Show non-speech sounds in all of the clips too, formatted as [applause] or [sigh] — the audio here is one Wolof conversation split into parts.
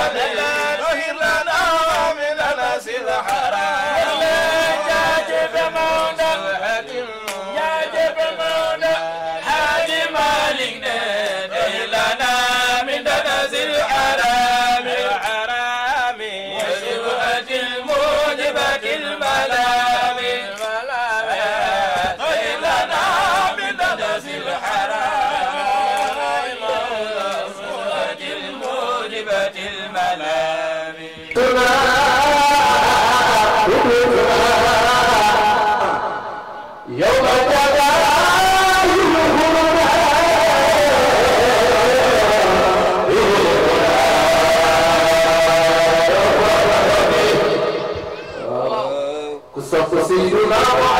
يا جبل مونة يا جبل مونة salaamaaleykum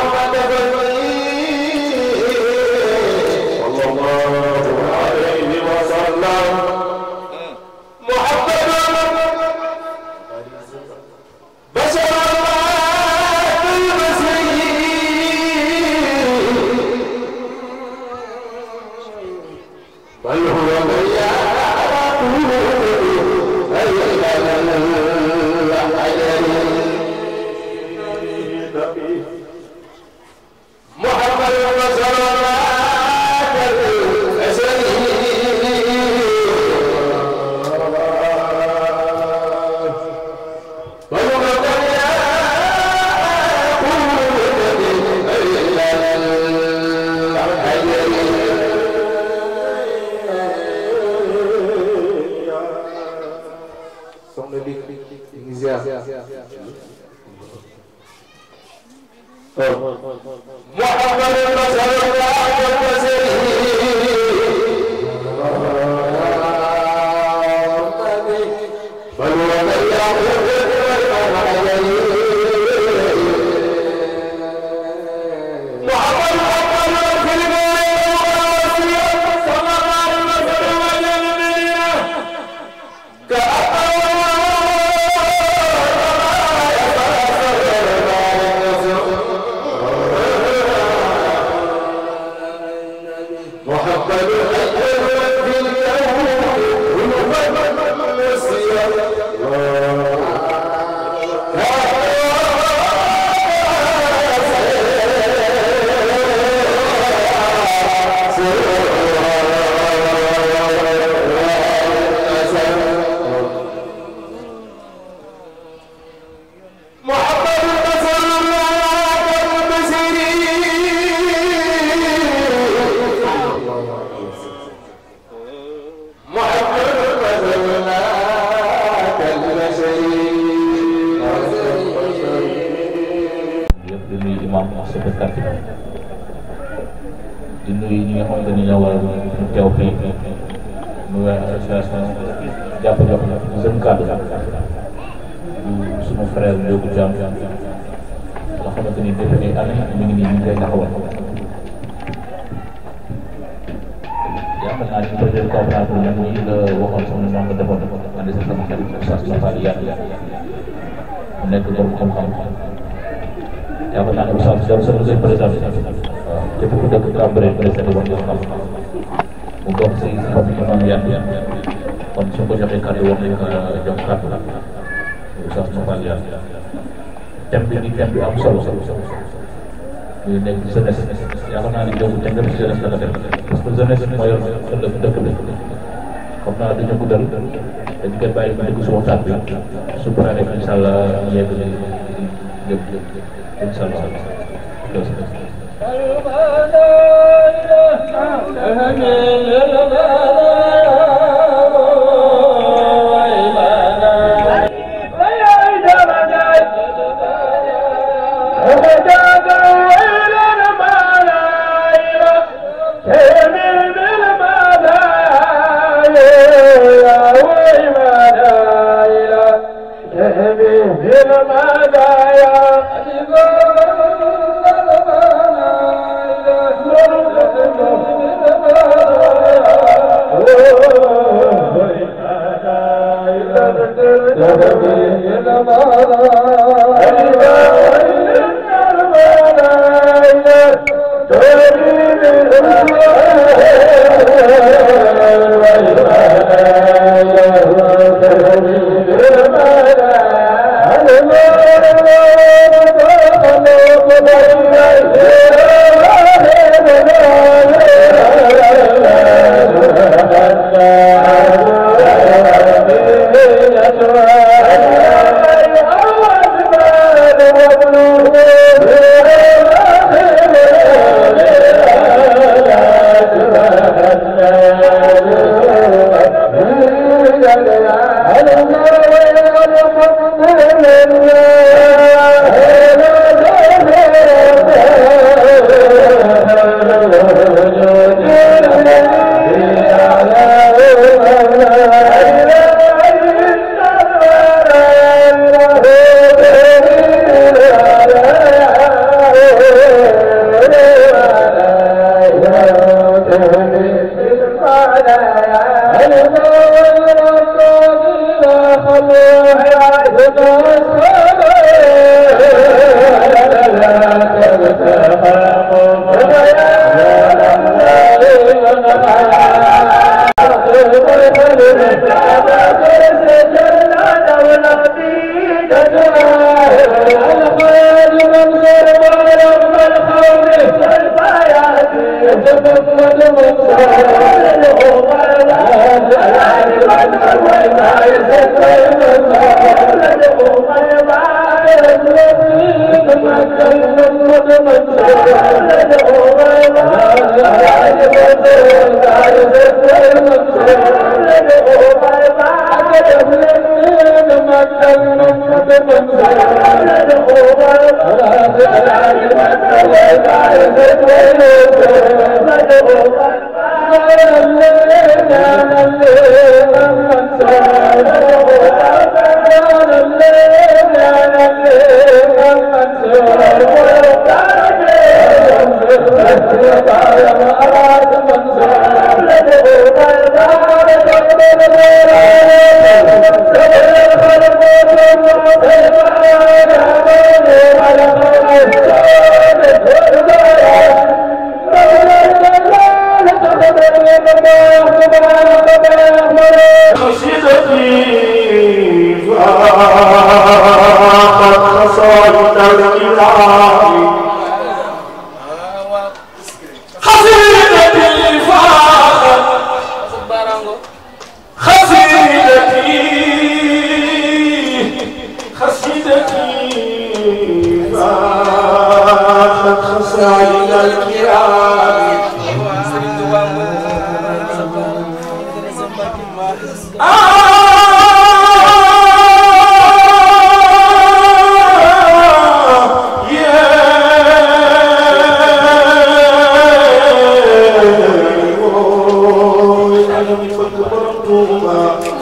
ñoom ñu bëgg borom Touba.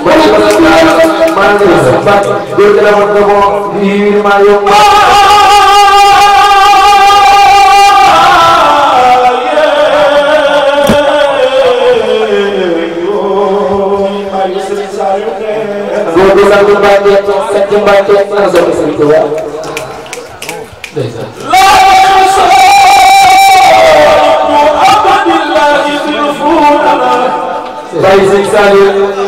mbay ba la maa ngi lay sàmbat dégg la woon nga ko lii maa yomb. góor gi sant Mbacke sant Mbacke ana soxna Sëriñ Touba sëñ Saliou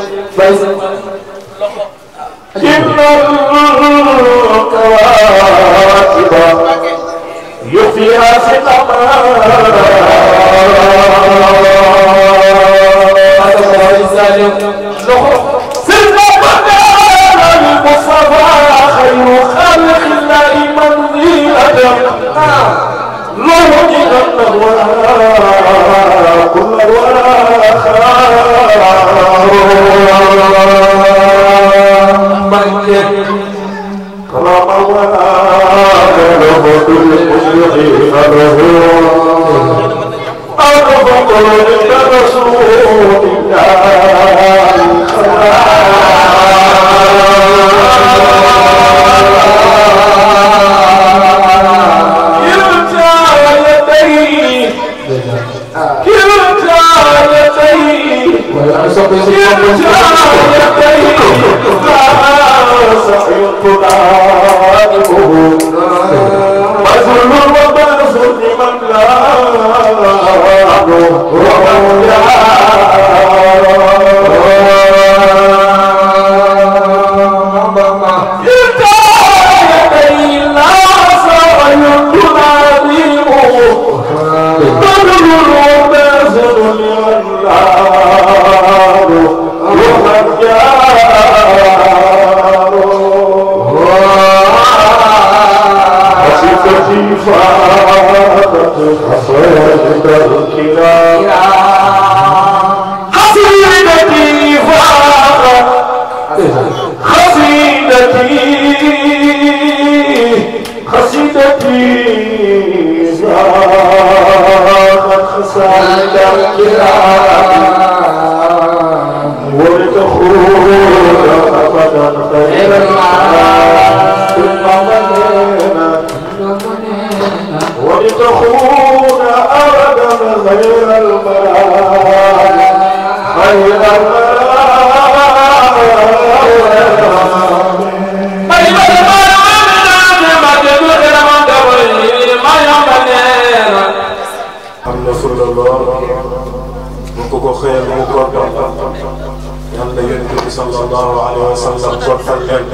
la yonent bi sallallahu alayhi wa sallam gottal leen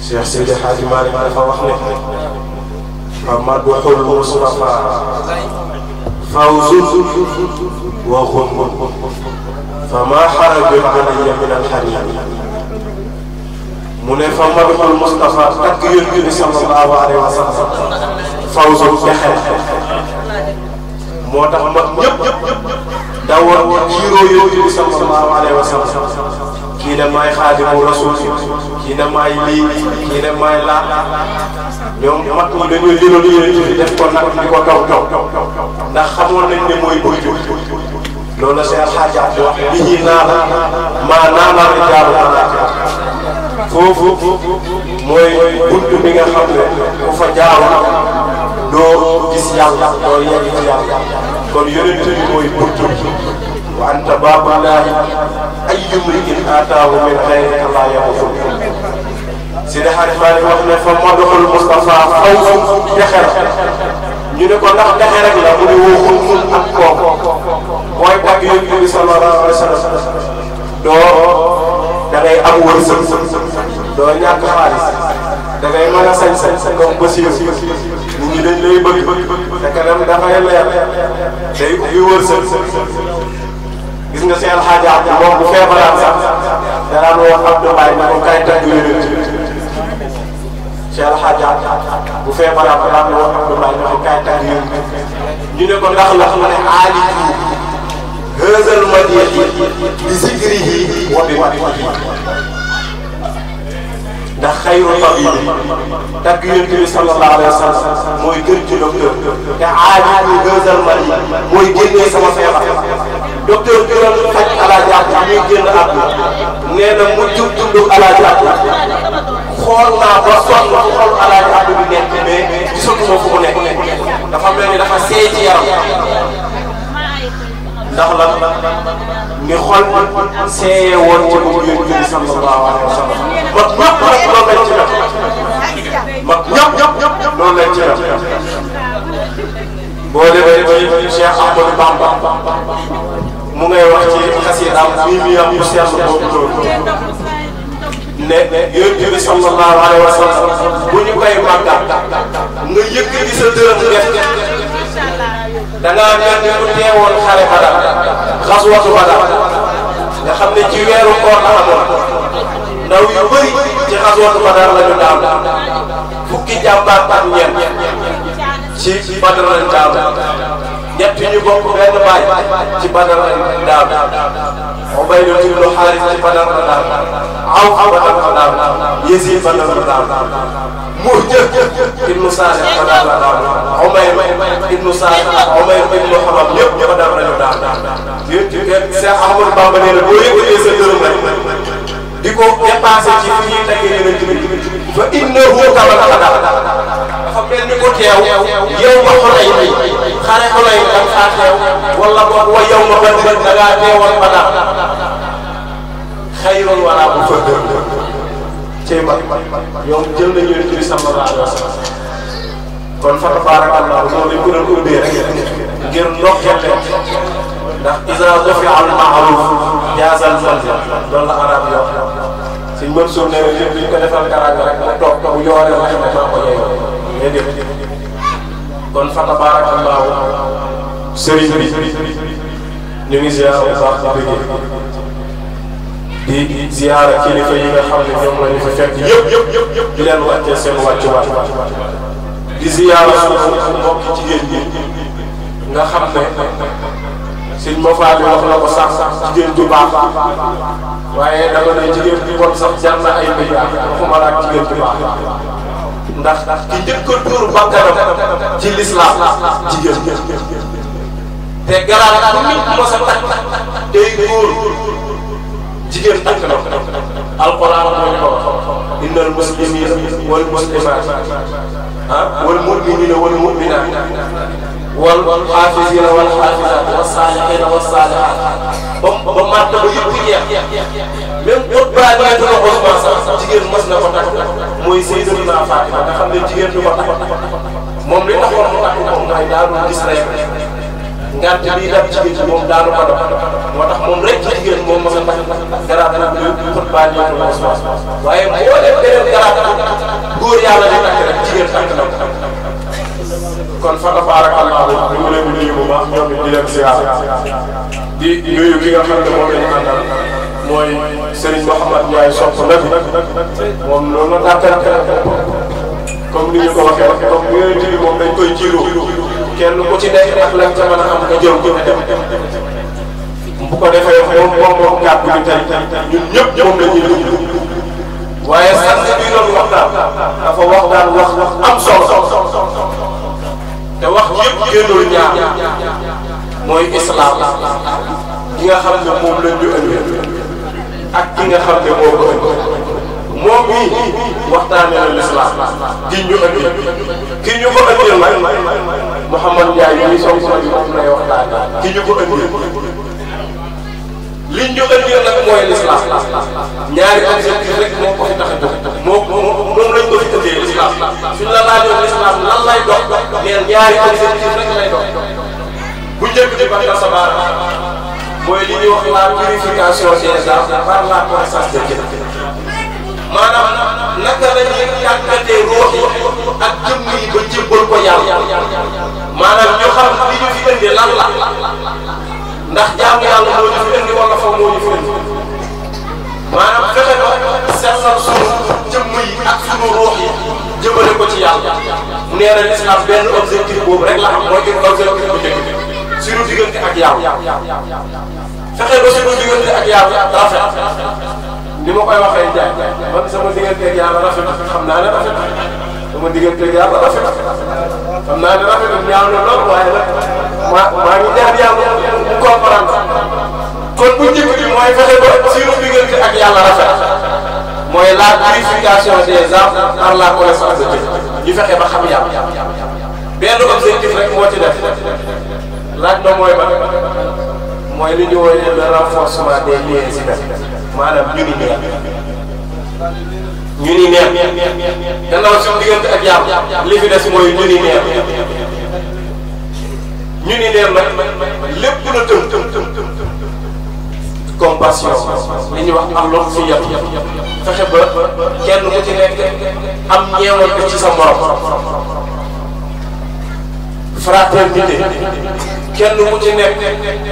Cheikh Seydi Hadji Malick dafa wax ne fa madxul Mustafa fawzun wa xunbun fa maa xarajun alayya min alxadim mu ne fa madxul Mustafa takk yonent bi sallallahu alayhi wa sallam fawzun moo tax mag ñëpp dawoon jiiroo yonent bi sallallahu alayhi wa sallam kii ne maay xaadimu rasul kii ne maay lii kii ne maay laa ñoom mag ñi dañoo liroon yonent bi def ko nag di ko taw taw ndax xamoon nañ ne mooy buy jub loolu la seen xaaj di wax li ñuy naana maa naana rijaalu foofu mooy buntu bi nga xam ne ku fa jaaroo doo gis yàlla doo yegg ci yàlla kon yonent bi mooy buntu wa anta baabullaahi ayyu mri'in aataahu min xayrika laa yamusul si de xarit maa ngi wax ne fa madxul Moustapha faw dexe la ñu ne ko ndax dexe rek la mu ne woo xul ak kooku mooy tàgg yonent bi sallallahu alayhi wa sallam doo da ngay am wërsëg doo ñàkk xaalis da ngay mën a sañ-sañ comme Basiru ci dañ lay bëgg sa kanam dafay leer day ubbi wërsëg gis nga seen xaajaat bi moom bu feebaraan sax danaan wax Abdou Mbaye ne ko kaay tagg yonent seen xaajaat bu feebaraan danaan wax Abdou Mbaye ne ko kaay tagg yonent ñu ne ko ndax la mu ne aali tuub heusal ma di di zikri yi wa bi da xayru tabiib tagg yonent bi sallallahu alayhi mooy gën ci docteur te aajib bi gëzal mari mooy génnee sama feebar docteur bi doon faj bi muy génn at nee na mu jub dundu xool naa ba sonn xool alaaji at bi nekk mais gisatuma fu mu nekk dafa mel dafa seey yaram ndax lan ni xol seeyee woon ci moom yooyu jëli sallallahu alayhi wa sallam ba ñëpp nag loolu lañ ci def ba ñëpp boo demee ci Cheikh Ahmadou Bamba mu ngay wax ci xasidaam bii muy am bu seetlu boobu loolu ne yonent bi sallallahu alayhi wa sallam nga yëkkati sa dërëm da ngaa mel ni ku teewoon xare Badar xaswatu nga xam ne ci weeru koor ndaw yu bëri ci xaswatu Badar la ñu daal fukki jàmbaar ak ñeent ci Badar lañ daal ñett ñu bokk benn baay ci Badar lañ daal Ubaydatu ibnu Xaaris ci Badar la daal Awf Badar la daal Yasiid Badar la مرجف ابن سعد عمير ابن سعد عمير ابن حرام يب يب دام رجل دام سيخ أحمد بابا نيل بوي بوي سيدر مري ديكو يباسي في فيه تكي نمت فإنه كما تقدر dafa mel ni ko teew yow ma xolay xare xolay da nga teew wala boog wa yow ma bëri da ngaa teewal ba dara xayrul wala bu fa ceeba ñoom jël nañu yonent bi sallallahu alayhi wa sallam kon fa tabaarakallahu loolu dañ ko doon ubbee rek ngir ndokkeel leen ndax isa dofi al maaruf jaasal manzil loolu la arab yoo si mën suuf ne lépp ñu ko defal karaanga rek mu toog toog yoore wax ne maa ko yeyoo mais dé kon fa tabaarakallahu sëriñ bi ñu ngi ziar bu baax di bëggee di ziyaara kilifa yi nga xam ne ñoom la ñu fa fekk yëpp di leen wàccee seen wàccuwaay di ziyaara suñu mbokki jigéen ñi nga xam ne suñ mbofaa bi wax na ko sax jigéen ju baax waaye dama ne jigéen ju bon sax jar na ay milliards waxuma la ak jigéen ju baax ndax ki njëkk a tuur bakkanam ci lislaam jigéen te garaat ku nit ko sa takk day góor jigéen tënk na alquran moo ñu ko wax innal muslimina wal muslimat ah wal muminina wal muminat wal xaafisina wal xaafisat was saalixina was saalihaat ba ba màtt ba yëpp jeex même bët baa ñu nekk na Ousmane sax jigéen mës na ko takk mooy Seydatuna Fatima nga xam ne jigéen du ko takk moom li taxoon mu takk ko mooy daal gis rek ngant bii dal ci biir moom daanu ko dox moo tax moom rek ci jigéen moom mos a fas garaat bu bu xot baa ñëw ko mos waaye boo leen beneen garaat góor yàlla di takk rek jigéen takk na kon fa tabaarakallaahu ñu ngi leen di nuyu bu baax ñoom di leen siyaar di nuyu ki nga xam ne moom la ñu àndal mooy Serigne Mouhamad Ndiaye sopp nabi moom noonu la tàkkal comme ni ñu ko waxee comme yooyu moom dañ koy jiiru kenn ku ci nekk ak la nga mën a am nga jëm bu ko defee moom moom moom kàddu gi tey ñun ñëpp moom la ñuy dund waaye sànq bii doon waxtaan dafa waxtaan wax wax am solo te wax yëpp génnul ñaar mooy islam gi nga xam ne moom lañ ñu ëllëg ak ki nga xam ne moo ko ëllëg moom mii waxtaanee na lislaam gi ñu ëndi ki ñu ko ëndil nag Mouhamad Ndiaye mii soog soog moom lay waxtaanee ki ñu ko ëndil li ñu ëndil nag mooy lislaam ñaari objectif rek moo ko fi tax a jóg moo moom lañ ko fi ëndee lislaam suñ la laajoon lislaam lan lay dox neen ñaari objectif rek lay dox bu njëkk di bakka sa baara mooy li ñuy wax la purification des âmes par la connaissance de Dieu maanaam naka la ñuy tàggatee ruux yi ak jëmm yi ba jébbal ko yàlla maanaam ñu xam li ñu fi indi ndax jaamu yàlla moo ñu fi indi wala fa moo ñu fi indi fexe ba sellal sunu jëmm yi ak sunu ruux yi jëmale ko ci yàlla nee na lislaam benn objectif boobu rek la am mooy une objectif bu njëkk suñu diggante ak yàlla fexe ba suñu diggante ak yàlla rafet ni ma koy waxee Ndiaye man sama digganteeg yàlla rafet na xam naa ne rafet na sama digganteeg yàlla rafet na xam naa ne rafet na ñaaw na lool waaye nag maa maa ngi ñaan yàlla comprendre kon bu njëkk bi mooy fexe ba suñu diggante ak yàlla rafet mooy la purification des âmes par la connaissance de Dieu ñu fexe ba xam yàlla benn objectif rek moo ci def laaj ba mooy ba mooy li ñu wooyee le renforcement des liens humains. maanaam ñu ni neex ñu ni neex gannaaw suñu diggante ak yàlla li fi des mooy ñu ni neex ñu ni neex nag lépp na tëm tëm tëm compassion li ñuy wax am loxo si yàpp fexe ba kenn ku ci nekk am ñeewal ko ci sa morom fraternité kenn ku ci nekk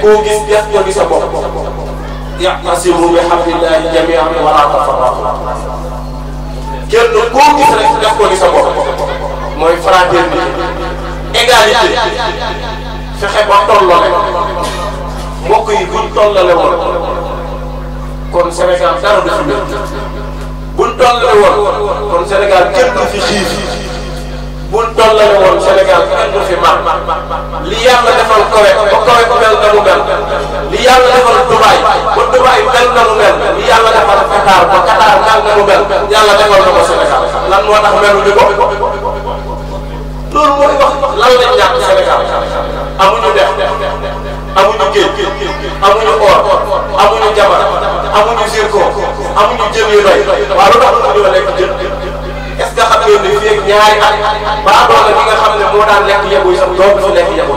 koo gis def ko ni sa bopp ya'tasimu bi hablillahi jami'an wa la tafarraqu kenn koo gis rek def ko ni sa bopp mooy fraternité égalité fexe ba tollale mbokk yi buñ tollale woon kon Sénégal dara du fi métti buñ tollale woon kon Sénégal kenn du fi xiif buñ tollale woon Sénégal kenn du fi mar li yàlla defal Koweït ba Koweït mel na mu mel li yàlla defal Dubaï ba Dubaï mel na mu mel li yàlla defal Qatar ba Qatar mel na mu mel yàlla defal na ko Sénégal lan moo tax meluñu ko loolu mooy wax lan lañ ñàkk Sénégal amuñu def amuñu géej amuñu or amuñu jabar amuñu zircon amuñu jën yu doy waaw lu tax ñu doon lekk jën. est-ce que xam ngeen ne fii ak ñaari at baadoo la bi nga xam ne moo daan lekk yabu sax doom bi fi lekk yabu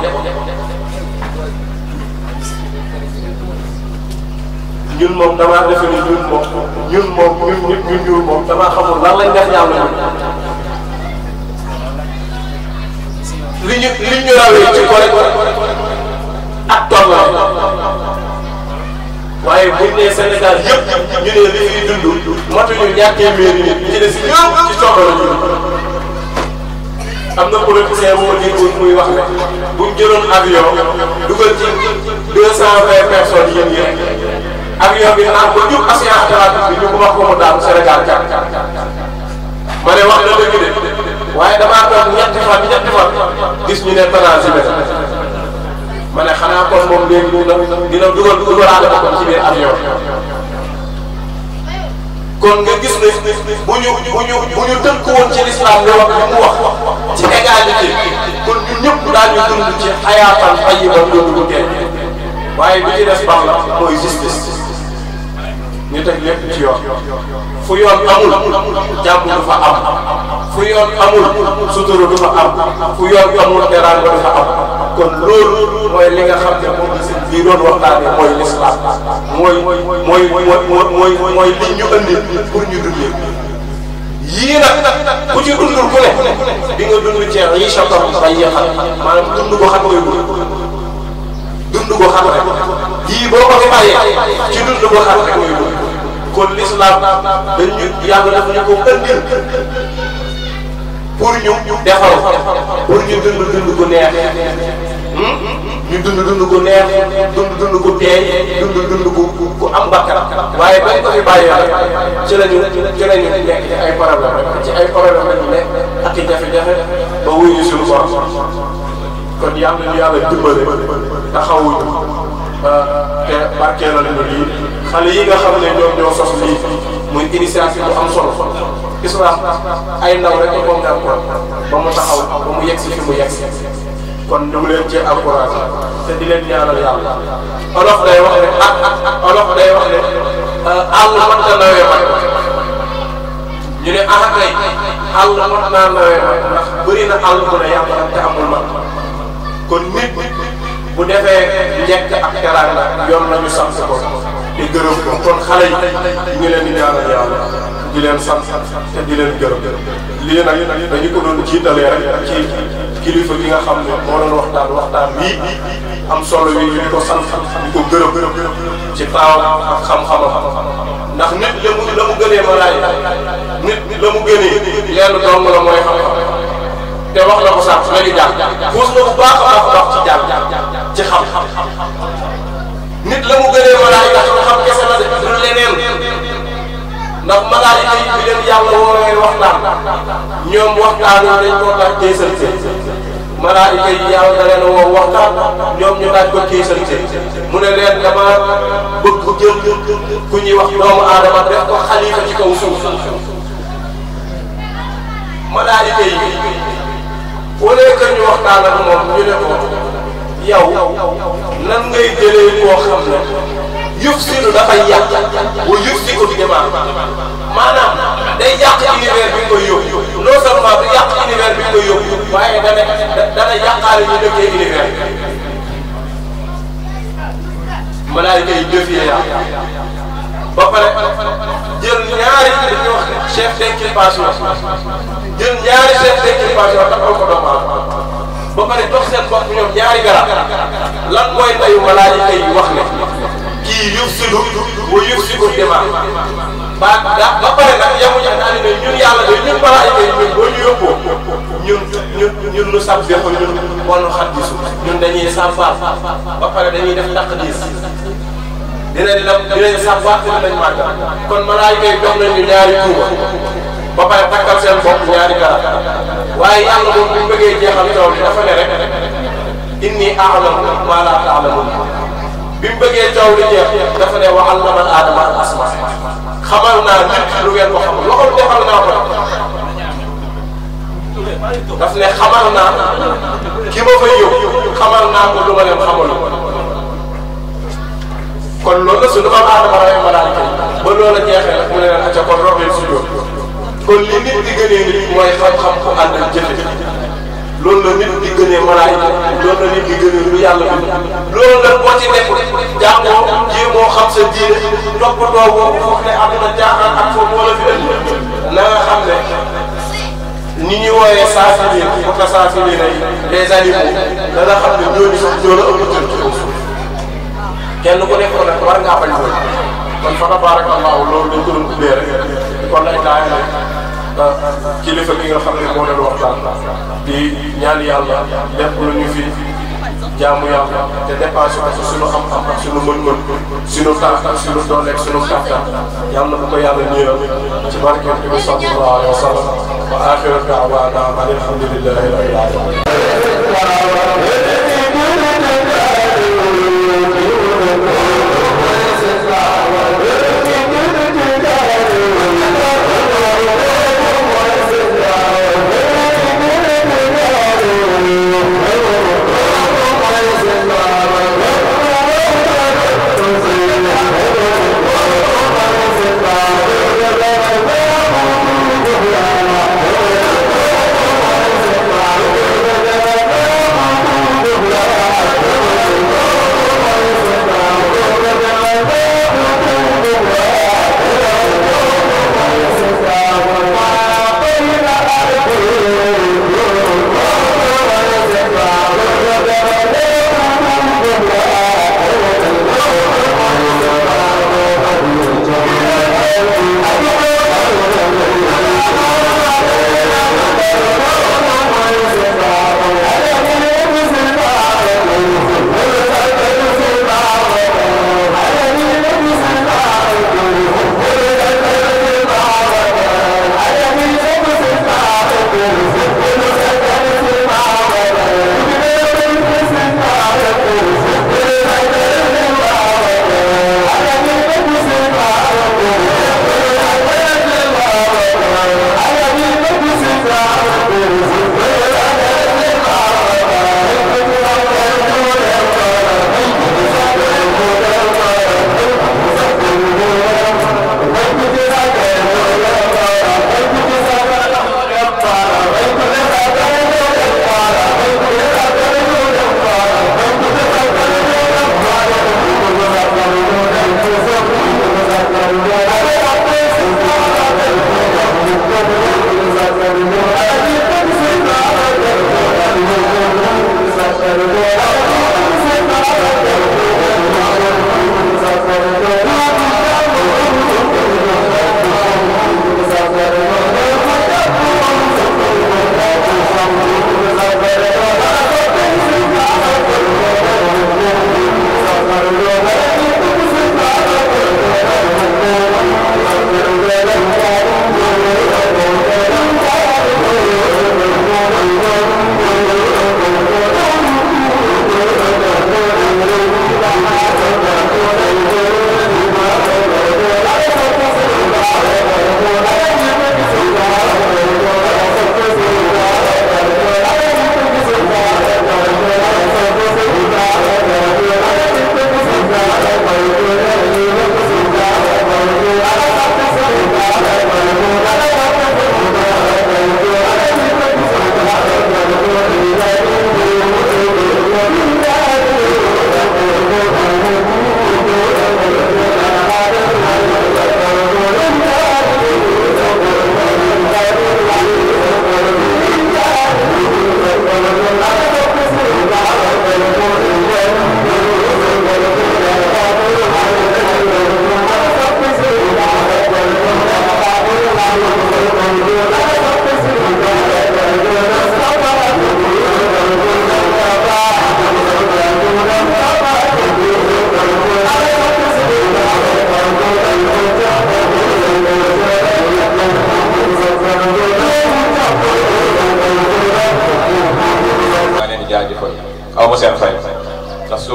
ñun moom damaa defe ni ñun moom ñun moom ñun nit ñun ñuul moom damaa xamul lan lañ def yàlla ñun li ñu li ñu rawee ci gore ak tolloo waaye buñ nee Sénégal yëpp ñu ne li fiy dund matuñu ñaar téeméeri nit ñi des yëpp ci coono la ñu am na politicien bu ma déggoon muy wax ne buñ jëloon avion dugal ci deux cent vingt personnes yéen yéen avion bi naan ba jub assurance trafic bi ñu ko wax ko mu daanu Sénégal jar ma ne wax na dëgg de waaye damaa toog ñetti fan ñetti fan gis ñu ne transhumé ma ne xanaa kon moom léegi dina dina dugal dugalaale ko ci biir avion kon nga gis ne bu ñu bu ñu bu ñu tënk woon ci lislaam nga wax mu wax ci égalité kon ñun ñëpp daañu dund ci xayaatan tayiban yóbbu ko tey waaye bi ci des baax la mooy justice ñu teg lépp ci yoon fu yoon amul jàmm du fa am fu yoon amul sutura du fa am fu yoon amul teraanga du fa am. kon loolu mooy li nga xam ne moom la sëñ bii doon waxtaane mooy lislaam mooy mooy mooy mooy li ñu andi pour ñu dundee yii nag ku ci dundul ku ne di nga dund ci yi chaton bay yaxal maanaam dund ko xam koy dund ko xam rek yii boo ko fi bàyyee ci dund ko xam rek koy kon lislaam dañu yàlla daf ñu ko andil pour ñu defal pour ñu dund dund ko neex ñu dund dund ko neex dund dund ko teey dund dund ko ku am bakkan waaye ba ko fi bàyyi ci la ñu ci ay problème rek ci ay problème la ñu nekk ak i jafe-jafe ba wuyu ñu suñu borom kon yàlla nañu yàlla dimbale taxawuñu te barkeelal ñu lii xale yi nga xam ne ñoom ñoo sos lii muy initiative bu am solo islam ay ndaw rek ko moom daal ko ba mu taxaw ba mu yegg si fi mu yegg kon ñu ngi leen ci encouragé te di leen ñaanal yàlla olof day wax ne ah, ah, ah olof day wax ne ah, àll mënta nawee may ñu ne ah kay àll mën naa nawee may ndax bëri na àll bu ne yàlla te amul man kon nit bu defee njëkk ak teraanga yoon nañu sant ko di gërëm ko kon xale yi ñu leen di ñaanal yàlla di leen sant te di leen gërëm lii nag dañu ko doon jiitalee rek ci kilifa ki nga xam ne moo wax doon wax daan bii am solo yi ñu ko sant di ko gërëm ci taaw ak xam-xamam ndax nit la mu la mu gënee ma la mooy xam-xam te wax la ko sax nga di jàng xuus na bu baax a baax ci jàng ci xam. nit la mu gënee malaayika xam kese la de du leneen ndax malaayika yi bi leen yàlla woowee waxtaan ñoom waxtaan yi dañ koo tax kéesante malaayika yi yàlla a leen woo waxtaan ñoom ñu daaj ko kéesante mu ne leen dama bëgg jël ku ñuy wax doomu aadama def ko xalifa ci kaw suuf malaayika yi au lieu que waxtaan ak moom yow lan ngay jëlee koo xam ne yëf si lu dafay yàq wa yëf si ko débat maanaam day yàq univers bi nga koy yóbbu non seulement du yàq univers bi nga koy yóbbu waaye dana dana yàqaale ñu dëkkee univers bi. malaayika yi défier ya ba pare jël ñaari li ñuy wax chef d'équipage jël ñaari chef d'équipage taxaw ko doomu aadama ba pare dox seen bopp ñoom ñaari garab lan mooy tayu malaayika yi wax ne kii yufsidu wa yufsidu dimaa ba ba pare nag yamuñu daal ne ñun yàlla de ñun malaayika yi ñun boo ñu yóbboo ñun ñun ñun lu sab dexu ñun wàllu xat gisu ñun dañuy sàmbaar ba pare dañuy def taq diis dinañ la dinañ sàmbaar dinañ màggal kon malaayika yi dox nañu ñaari tuuma ba pare takkal seen bopp ñaari garab waaye yàlla moom bu bëggee jeexal taw bi dafa ne rek inni a'lamu maa laa ta'lamuun bi mu bëggee taw li jeex dafa ne wa 'allama al-aadama al-asmaa xamal naa nit lu ngeen ko xamul loxol defal naa ko daf xamal naa ki ma fay yóbbu xamal naa ko lu ma leen kon loolu la su dafa am aadama rawee malaaka ba loola jeexee nag mu ne leen acca kon robin kon li nit di gënee nit mooy xam-xam ku ànd ak jëfe loolu la nit di gënee malaayika loolu la nit di gënee yàlla bi loolu la boo ci nekk jàngoo sa diine toppatoo boobu foog na nga xam ne ni ñuy wooyee saafiliin pour que saafiliin ay les animaux dana xam ne ñooñu sax ñoo la ëpp jël ci suuf kenn ko nekk nag war ngaa bañ loolu kon fa tabaaraka Allaahu loolu dañ ko doon ubbee rek kon ay daay la kilifa gi nga xam ne moo doon waxtaan di ñaan yàlla lépp lu ñu fi jaamu yàlla te dépassé ko ci suñu am-am ak suñu mën-mën suñu tànk ak suñu doole ak suñu kàttan yàlla bu ko yàlla nuyoo ci barke bi sallallahu alayhi wa sallam wa aaxiru da'waanaa alhamdulillahi rabbil aalamiin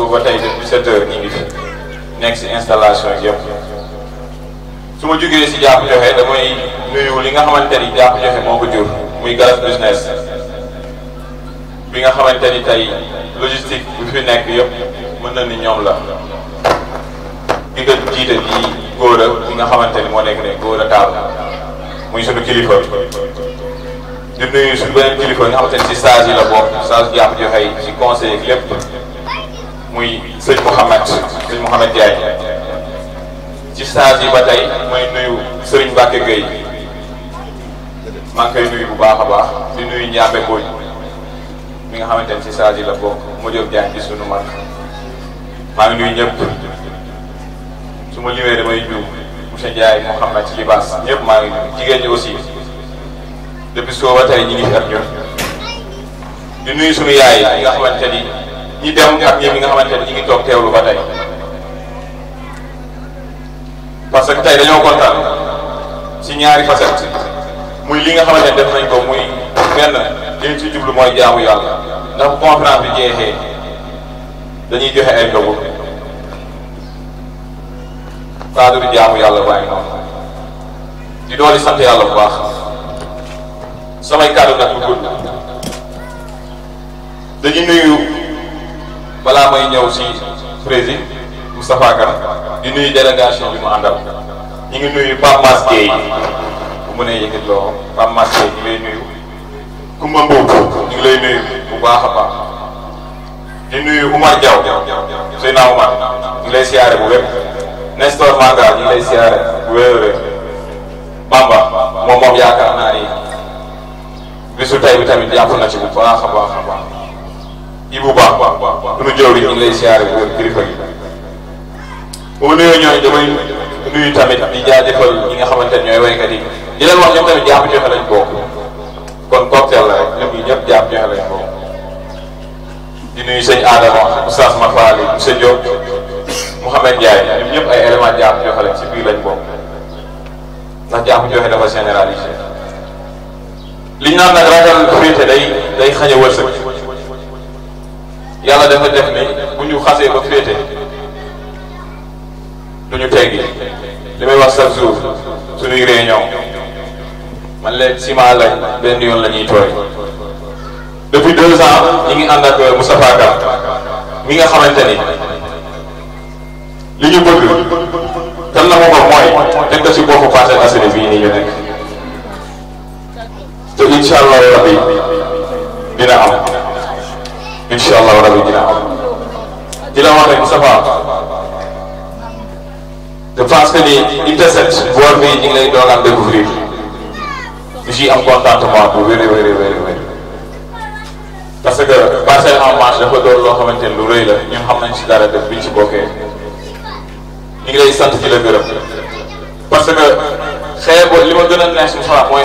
ba tey depuis sept heures ñu ngi si installation yëpp su ma jugee si jàpp joxe damay nuyu li nga xamante ni jàpp joxe moo ko jur muy Gallas business bi nga xamante ni tey logistique bu fi nekk yëpp mën na ni ñoom la di ko jiite di góor bi nga xamante moo nekk ne góor a taal muy suñu kilifa di nuyu suñu beneen kilifa nga xamante ni si stage yi la bokk stage jàpp joxe yi si conseil lépp muy sëñ Mouhamed sëñ Mouhamed Diagne ci stage yi ba tey may nuyu Serigne Mbacke Gueye maa ngi koy nuyu bu baax a baax di nuyu Ndiambe Mbodj mi nga xamante ne ci saa yi la bokk mu jóg Diagne ci sunu mag maa ngi nuyu ñëpp su ma liwee damay nuyu monsieur Ndiaye Mouhamed ci libaas ñëpp maa ngi jigéen ñi aussi depuis soo ba tey ñi ngi fi ak di nuyu sunu yaay yi nga xamante ñi dem ak ñoom ñi nga xamante ne ñu ngi toog teewlu ba tey parce que tey dañoo kontaan ci ñaari facette muy li nga xamante ne def nañ ko muy benn liñ ci jublu mooy jaamu yàlla ndax conférence bi jeexee dañuy joxe ay ndogu kaddu di jaamu yàlla baa ngi noonu di dooli sant yàlla bu baax samay kaddu nag du gudd dañuy nuyu. balaa may ñëw si président Moustapha Kane di nuyu délégation bi mu àndal ñu ngi nuyu Pape Mass Gueye bu mu nee yëkkati loo Pape Mass Gueye ñu ngi lay nuyu Koumba Mbow ñu ngi lay nuyu bu baax a baax di nuyu Oumar Diaw Seyna Oumar ñu ngi lay siyaare bu wér Nestor Manga ñu ngi lay siyaare bu wér Bamba moom a baax a baax Ibou Ba sunu jëw di ñu ngi lay siyaare bu wér kilifa gi bu nuyoo ñooñu damay nuyu tamit di jaajëfal ñi nga xamante ne ñooy waykat yi di leen wax ñoom tamit jàpp joxe lañ bokk kon cocktail la rek ñoom ñi ñëpp jàpp joxe lañ bokk di nuyu sëñ Adama Oustaz Mafali monsieur Diop Mouhamed Ndiaye ñoom ñëpp ay éléments jàpp joxe lañ si biir lañ bokk ndax jàpp joxe dafa généralisé li ñu naan nag ragal féete day day xañ a wërsëg yàlla dafa def ni bu ñu xasee du ñu teggi li may wax chaque jour suñuy réunion man leen ciment lañ yoon la ñuy tooy depuis deux ans ñi ngi ànd ak euh, mi nga xamante ni li ñu bëgg na ma ko mooy teg ko ci boppu passé assuré bii nii ñu nekk te incha allah rabbi dina am incha allahu rabi dina am di la wax rek Moustapha je pense ni intercept boor bi ñu ngi lay doog a découvrir ñu ciy am contentement bu wér wér wér wér parce que Parcelles en marche dafa loo xamante ni lu rëy la ñun xam nañ ci dara def biñ ci bokkee ñu ngi lay sant di la gërëm parce que xeebo li ma gën a neex Moustapha mooy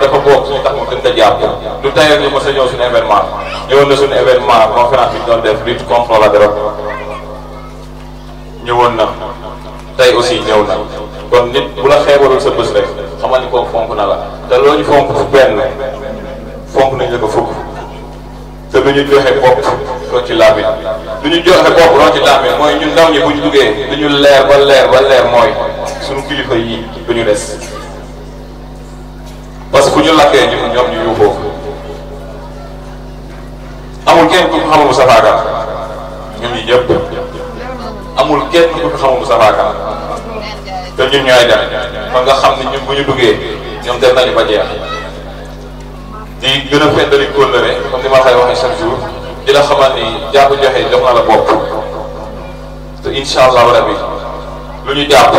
dafa bokk tax moom dañ ko jàpp du tayee ñu mos a ñëw suñu événement ñëwoon na suñu événement conférence doon def lutte contre la drogue ñëwoon na tey aussi ñëw na kon nit bu la xeebalul sa bés rek xamal ni kooku fonk na la te loo ñu fonk fu benn fonk nañ la ko fukk te lu ñu joxe bopp roo ci lu ñu joxe bopp roo ci mooy ñun ndaw ñi bu ñu duggee lu ñu leer ba leer ba leer mooy suñu kilifa yi du ñu des parce que bu ñu lakkee ñun ñoom ñu yuuxoo amul kenn ku ñu xamul Moustapha Kane ñun ñi ñëpp amul kenn ku ñu xamul Moustapha Kane te ñun ñooy dem kon nga xam ne ñun bu ñu duggee ñoom dem nañu ba jeex di gën a fendali kóllëre comme ni ma la koy waxee chaque jour di la xamal ni jàpp joxe jox na la bopp te incha allahu rabi lu ñu jàpp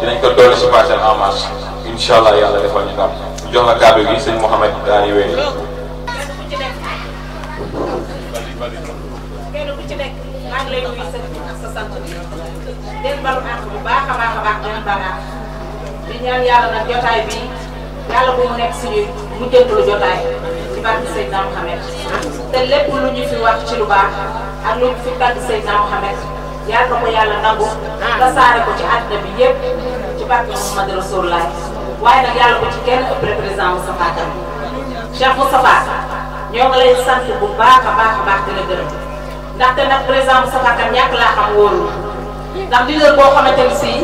dinañ ko doole si marché en marche incha allah yàlla defal ñu ndam. jox la kàddu gi sëñ Mouhamed daa ñuy wéy. kenn ku ci nekk maa ngi bi den balu àq bu baax a baax a baax den balu àq di ñaan yàlla nag mu nekk suñuy mujjantul jotaay ci barke Seydina Mouhamed lu ñu fi wax ci lu baax ak lu ñu fi tagg Seydina Mouhamed yàlla ko yàlla nangu tasaare ko ci àddina bi yépp ci barke Muhammad Rasulullah waaye nag yàlla ko ci kenn ëppale président Moustapha Kane Cheikh Moustapha ñoo ngi lay sant bu baax a baax a baax di la gërëm ndaxte nag président Moustapha Kane ñàkk laa xam wóorul ndax leader boo xamante ni sii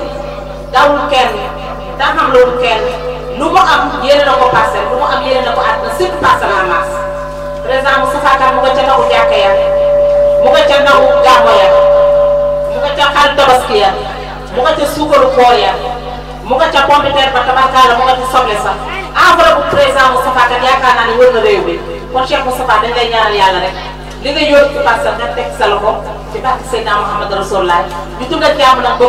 dawul kenn daa xam loolu kenn lu mu am yéene na ko parcelle lu mu am yéene na ko àdduna surtout parcelle en masse président Moustapha Kane mu nga ca nawu jàkka ya mu nga ca nawu gàmmo ya mu nga ca xal tabaski ya mu nga ca suukaru koor ya mu nga ca computer ba tabarkaala mu nga ca soble sax enveloppe bu président Moustapha Kane yaakaar naa ne wër na réew mi kon Cheikh Moustapha dañ lay li nga yóbbu ci parcelle nga teg sa loxo ci barke Seydina Mouhamed Rasulullah ñu tudd ak jàmm nag bi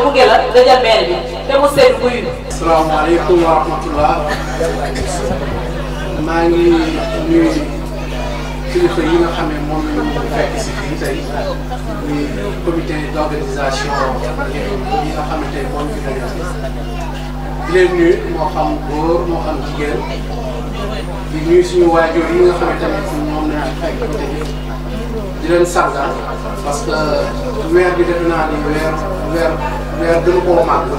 te mu seet bu yu. asalaamaaleykum wa rahmatullah maa ngi nuyu kilifa yi nga xam ne moom la ñu fekk si fii tey muy comité d' di leen nuyu moo xam góor moo xam jigéen di nuyu suñu waajur yi nga xam ne tamit moom la fekk di leen sargal parce que weer bi defe naa ni weer weer weer gënu koo màgg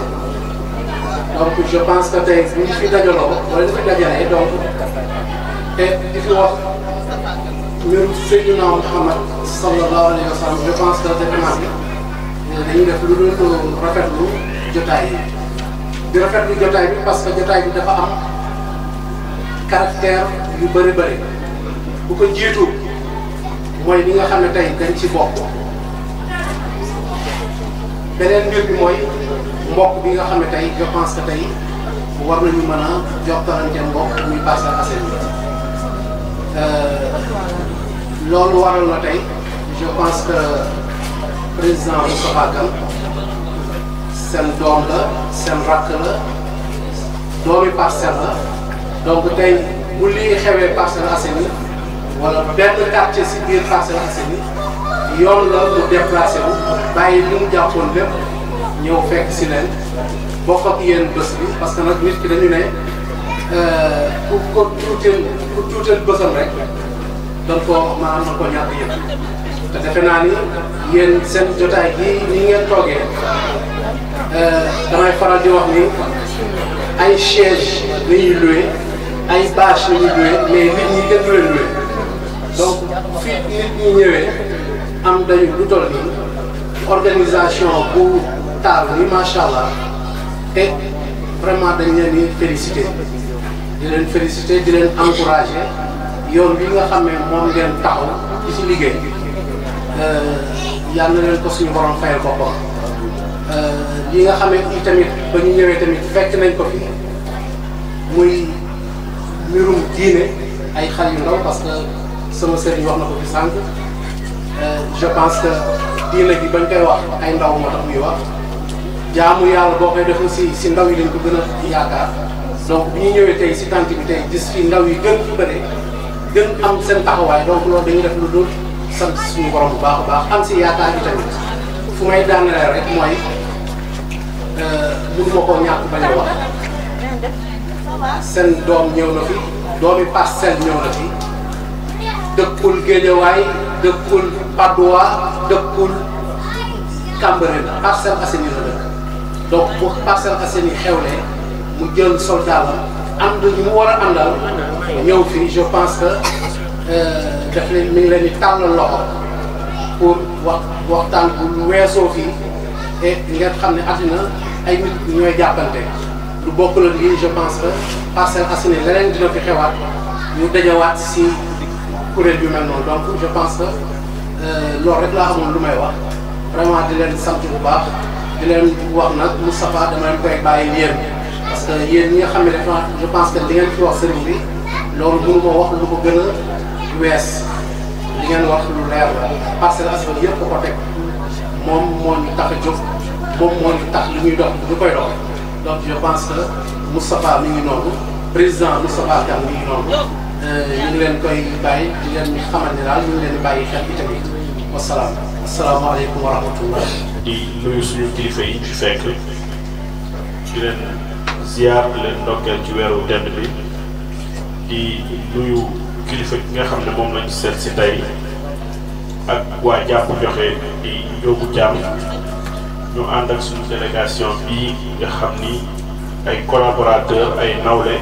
donc je pense que tey bu ñu fi dajaloo wala ñu fi dajalee donc te di fi wax mbirum Seydina Muhammad sallallahu alayhi wa sallam je pense que defe naa ni dañuy def lu dul rafetlu jotaay di rafetlu jotaay bi parce que jotaay bi dafa am caractère yu bëri bëri bu ko jiitu mooy li nga xam ne tey dañ ci bokk beneen mbir bi mooy mbokk bi nga xam ne tey je pense que tey war nañu mën a jokkalante mbokk muy Parcelles Assainies euh, loolu waral na tey je pense que président Moustapha Kane seen doom la seen rakk la doomi parcelle donc tey bu lii xewee Parcelles Assainies wala benn quartier si biir Parcelles Assainies yoon la mu déplacé wu bàyyi li mu jàppoon lépp ñëw fekk si leen bokk ak yéen bi parce que nag nit ki dañu ne euh, ku ko tuutal ku tuutal bésam rek dañ ko maanaam na ko ñàkk yëpp te defe naa ni yéen seen jotaay yi ni ngeen toogee euh, damay faral di wax ni ay chaise la ñuy loué ay bâche la ñuy mais nit ñi kenn du leen loué donc fii nit ñëwee am dañu lu toll nii organisation bu taal ni macha allah te vraiment dañ leen di félicité di leen félicité di leen encouragé yoon bi nga xam moom ngeen taxaw ci si liggéey yal na leen ko suñu borom fayal boppam euh, li nga xamee ne tamit ba ñu ñëwee tamit fekk nañ ko fi muy mbirum diine ay xal yu ndaw parce que sama sëriñ wax na ko fi sànq euh, je pense que diine gi bañ koy wax ay ndaw moo tax muy wax jaamu yàlla boo koy def aussi si ndaw yi lañ ko gën a yaakaar donc bi ñu ñëwee tey si tant bi tey gis fi ndaw yi gën fi bëri gën am seen taxawaay donc loolu dañuy def lu dul. sant suñu borom bu baax a baax am si yaakaar yi tamit fu may daaneel rek mooy euh, mënu ma koo ñàkk bañ a wax seen doom ñëw na fi doomi Parcelles ñëw na fi dëkkul Géejawaay dëkkul Patte d'Oie dëkkul Cambérène Parcelles Assainies la dëkk donc bu Parcelles Assainies xewlee mu jël soldat la ànd ñu mu war a àndal ñëw fi je pense que Euh, daf leen mi ngi leen di tàllal loxo pour wax waxtaan bu weesoo fii et ngeen xam ne àddina ay nit ñooy jàppante lu bokk la lii je pense que Parcelles Assainies leneen dina fi xewaat ñu dajawaat si kuréel yu mel noonu donc je pense que euh, loolu rek laa amoon lu may wax vraiment di leen sant bu baax di leen wax nag Moustapha dama leen koy bàyyi yéen parce que yéen ñi nga xam ne dafa je pense que li ngeen fi wax sëriñ bi loolu mënu ma wax lu ko gën wees li ngeen wax lu leer la Parcelles Assainies yëpp ko teg moom moo ñu tax a moom moo ñu tax li ñuy dox ñu koy dox donc je pense que Moustapha mi ngi noonu président Moustapha Kane mi ngi noonu euh, ñu leen koy bàyyi di leen xamal ne daal ñu ngi leen di bàyyi xel itamit wasalaam asalaamaaleykum wa rahmatullah di nuyu suñu kilifa yi fekk di leen ziar di leen ndokkeel ci weeru tedd bi di nuyu. kilifa ki nga xam ne moom lañu seet si tey ak waa jàpp joxe di yóbbu jàmm ñu ànd ak suñu délégation bii nga xam ni ay collaborateur ay nawle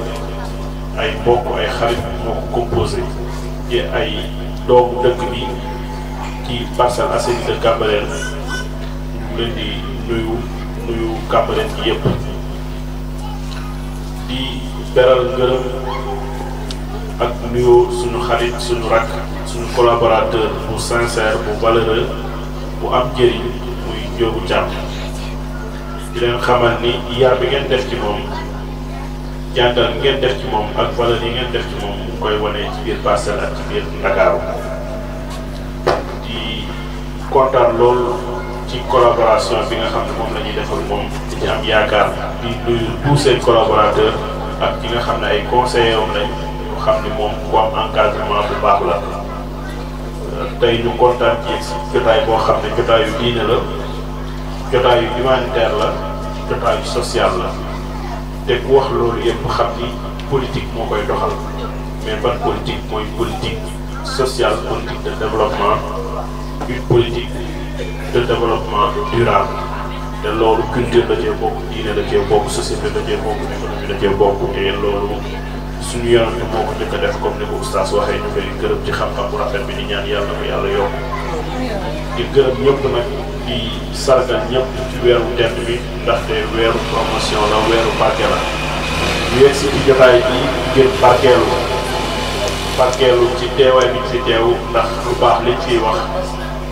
ay mbokk ay xarit moo ko composé di ay doomu dëkk bi ci Parcelles Assainies de Cambérène ñu leen di nuyu nuyu Cambérène bi yëpp di beral ngërëm ak nuyoo suñu xarit suñu rakk suñu collaborateur bu sincère bu valeureux bu am njëriñ muy Ndiogou Thiam di leen xamal ni yaa bi ngeen def ci moom jàngal ngeen def ci moom ak valeur yi ngeen def ci moom mu koy wane ci biir Parcelles ak ci biir Ndakaaru di kontaan lool ci collaboration bi nga xam ne moom la defal moom ci am yaakaar di nuyu tous seen collaborateurs ak ñi nga xam ne ay conseillers am ñu xam ne moom ku encadrement bu baax la euh, tey ñu kontaan ci jotaay boo xam ne jotaayu diine la jotaayu humanitaire la jotaayu social la te ku wax loolu yëpp xam ni politique moo koy doxal mais ban politique mooy politique sociale politique de développement une politique de développement durable te loolu culture da cee bokk diine da cee bokk société da cee bokk économie da cee te loolu suñu yonent moo ko njëkk a def comme ni ko oustaz waxee ñu koy gërëm ci xam-xam bu rafet bi di ñaan yàlla ko yàlla yokk di gërëm ñëpp nag di sargal ñëpp ci weeru tedd bi ndaxte weeru promotion la weeru barke la ñu yegg si ci jotaay bi ngir barkeelu barkeelu ci teewaay bi ci teew ndax lu baax liñ fiy wax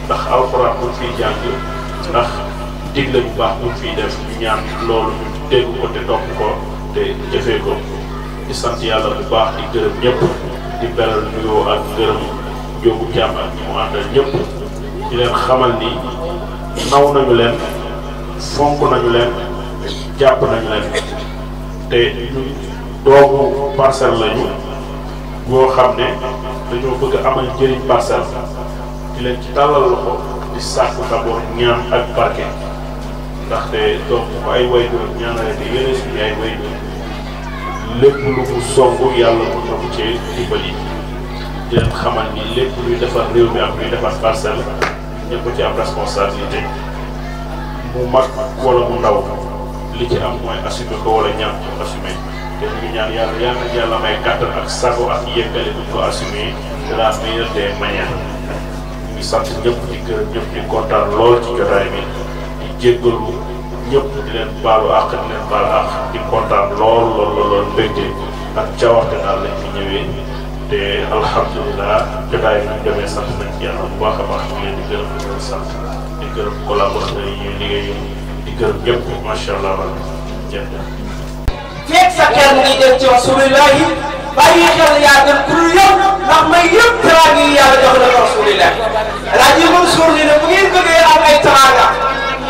ndax alxuraan buñ fiy jàng ndax digle bu baax buñ fiy def ñaan loolu ñu dégg ko te topp ko te jëfee ko di sant yàlla bu baax di gërëm ñëpp di beral nuyoo ak gërëm jógu jàmm ak ñu mu àndal ñëpp di leen xamal ni naw nañu leen fonk nañu leen jàpp nañu leen te ñu doomu parcelle lañu ñoo xam ne dañoo bëgg amal njëriñ parcelle di leen ci tàllal loxo di sàkku d'abord ñaan ak barke ndaxte donc bu ay way doon ñaanale te yéene suñu ay way doon lépp lu mu songu yàlla mu ñëw ci dimbali di leen xamal ni lépp luy defar réew mi ak luy defar parcelle ñëpp ci am responsabilité mu mag wala mu ndaw li ci am mooy assumé ko wala ñaan assumé te ñu ñaan yàlla yàlla yàlla may kàttan ak sago ak yëkkale bu ñu assumé de la meilleure des manières ñu ngi sant ñëpp di gërëm ñëpp di lool ci jotaay bi di jéggalu ñëpp di leen baalu àq di leen baalu àq di kontaan lool lool lool mbégte ak jawaxte daal lañ fi ñëwee te alhamdulilah jotaay bi ñu demee sant nañ ci yàlla a baax ñu di gërëm di leen allah wala jërëjëf. feeg sa xel ngay dem ci rasulillah yi xel yaa dem kuréel yëpp ndax may yëpp teraanga yi yàlla jox na rasulillah rajo Mansour ne bu ngeen bëggee am ay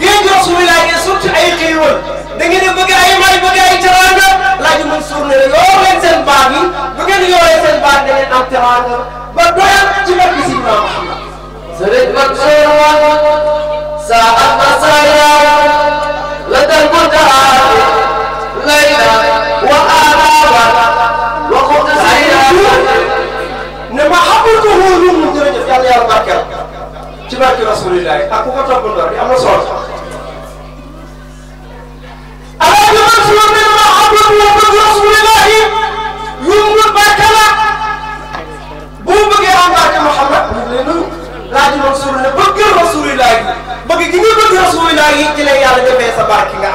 géej Rasulullah ngeen sotti ay xéewal da ngeen a bëgg ay may bëgg ay teraanga laaj mën suur ne la yor leen seen baat yi bu ngeen yoree seen baat da ngeen am teraanga ba doyal ci barke si Imam Muhammad سرت مكسورة ساعة قصيرة لدى المتعارف ليلى وآلاوة وقت سيرة نما حبته يوم درجة يا الله يا بركة تبارك رسول الله أكو كتب النار يا مصر muhammad rasulillah yombul barke la bu mu bëggee am barke muhammad ñu ngi lay nuyu laaj rasul ne bëggal rasulillah yi bëgg gi nga bëgg rasulillah yi ci lay yàlla defee sa barke nga am.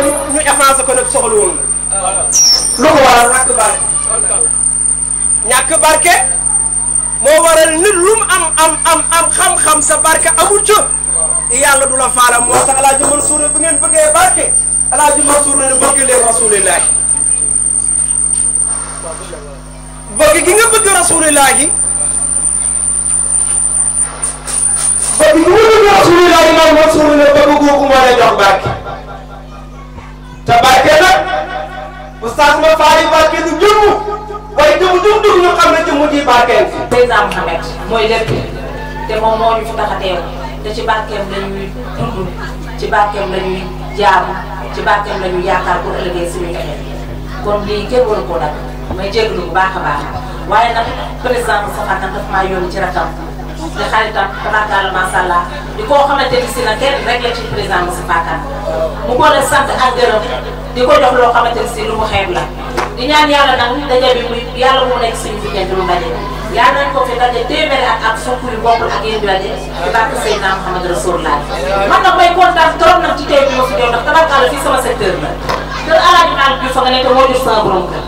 loolu ñu effacé ko nag soxla woon lu ko waral ñàkk barke moo waral nit lu am am xam-xam sa barke amul ca du la faalam moo tax alaaji Mansuur bu ngeen bëggee barke alaaji Mansuur ne bëgg leen rasulillah bëgg gi nga bëgg rasulillah yi gi nga bëgg rasulillah yi man Mansuur ne bëgg googu moo barke te barke nag oustaz ma faari barke du jëmm waaye jëmm dum dum ñu xam ne jëmm ji barkeel fi président Mohamed mooy lépp te moom moo ñu fi tax a te ci barkeem lañuy dund ci barkeem lañuy jaamu ci barkeem lañuy yaakaar pour ëllëgee suñu pexe kon lii kenn waru koo dagg may jéglu bu baax a baax waaye nag président Moustapha Kane daf maa yónni ci rakam di xaritam tabaarkalla macha allah di koo xamante ni si na kenn rek ci président Moussa Faka mu ko def sant ak gërëm di ko jox loo xamante ni lu mu xeeb la di ñaan yàlla nag daje bi muy yàlla mu nekk suñu diggante lu daje yàlla nañ ko fi daje téeméeri ak ak sukk yu bokkul ak yéen daje di barke Seydina Mouhamed Rasulullah man nag may kontaan trop nag ci tey bi a fi ñëw ndax tabaarkalla fii sama secteur la kër Alaaji Maalik bi fa nga nekk moo jur sama borom kër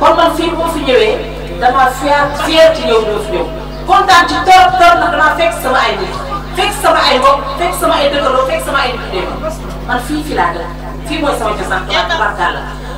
kon man fii bu ma fi ñëwee dama fier fier ci ñëw ñoo kontaan ci torop torop ndax damaa fekk sama ay nit fekk sama ay bopp fekk sama ay dëkkandoo fekk sama ay nit man fii fii laa dëkk fii mooy sama cosaan tubaab tubaab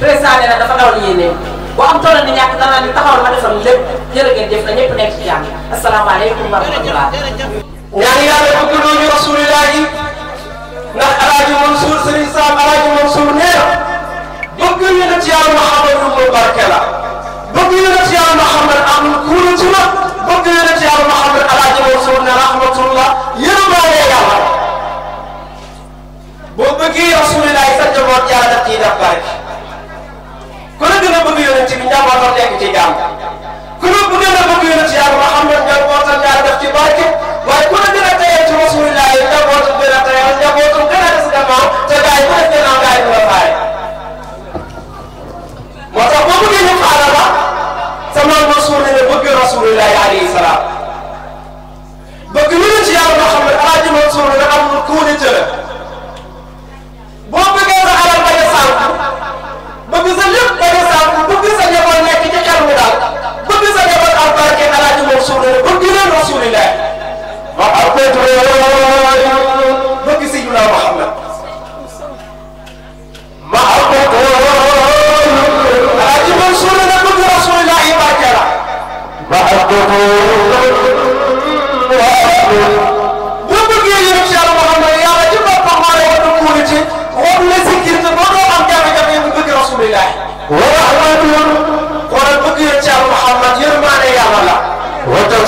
président nee na dafa dawal yéenee bu am toolam di ñàkk danaa ni taxawal ma defal lépp jërë ngeen jëf na ñëpp nekk ci jàmm asalaamaaleykum wa rahmatullah ñaan yàlla bëgg nañu rasulillah yi ndax alaaji Mansour sëriñ Sam alaaji Mansour nee na bëgg yonent yàlla Muhammad lu barke la bëgg yonent yàlla Muhammad am kuulatu la bëgg yonent yàlla Muhammad alaaji Mansour ne rahmatullah yërmaande yàlla boo bëggee rasulillah sa njaboot yàlla daf ciy def barke ku la gën a bëgg yonent bi njabootam nekk ci jàmm ku la bu gën a bëgg yonent yàlla Muhammad njabootam yaa def ci barke waaye ku la gën a tayee ci rasulillah yi njabootam gën a tayal njabootam gën a des gannaaw te gars yi bu def gannaaw gars yi du la faay moo tax boo bëggee ñu xaaral la sama rasul ne bëgg rasulillah alayhi salaam bëgg yonent yàlla Muhammad alaaji Mansuur ne amul ku nit la boo bëggee sa alal bañ a sànq bëgg sa lépp bëgg sa bëgg sa njaboot nekk ci xel mi daal bëgg sa njaboot am barke alaaji Mansuur bëgg leen Rasulillah ma alpaytu bëgg Seydina Muhammad ma alpaytu alaaji Mansuur la bëgg Rasulillah barke la ma alpaytu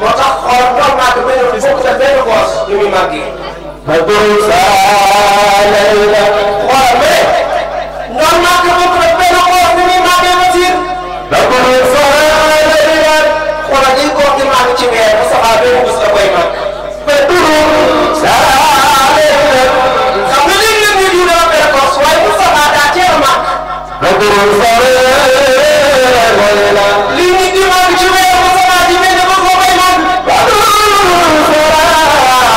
moo tax xoolal doomu aadama yow bokk sa benn boos li muy màggee. ma doon saa lay la. xoolal ma ne. noonu maa ngi bokk na benn boos li muy màggee ba tiir. ma doon saa lay la. xoolal day góor di màgg ci weer bu saxaa benn bés la koy màgg. ma doon saa lay la. xam nga léegi nag ñu dundal benn boos waaye bu saxaa daa teel a màgg. ma doon saa lay la.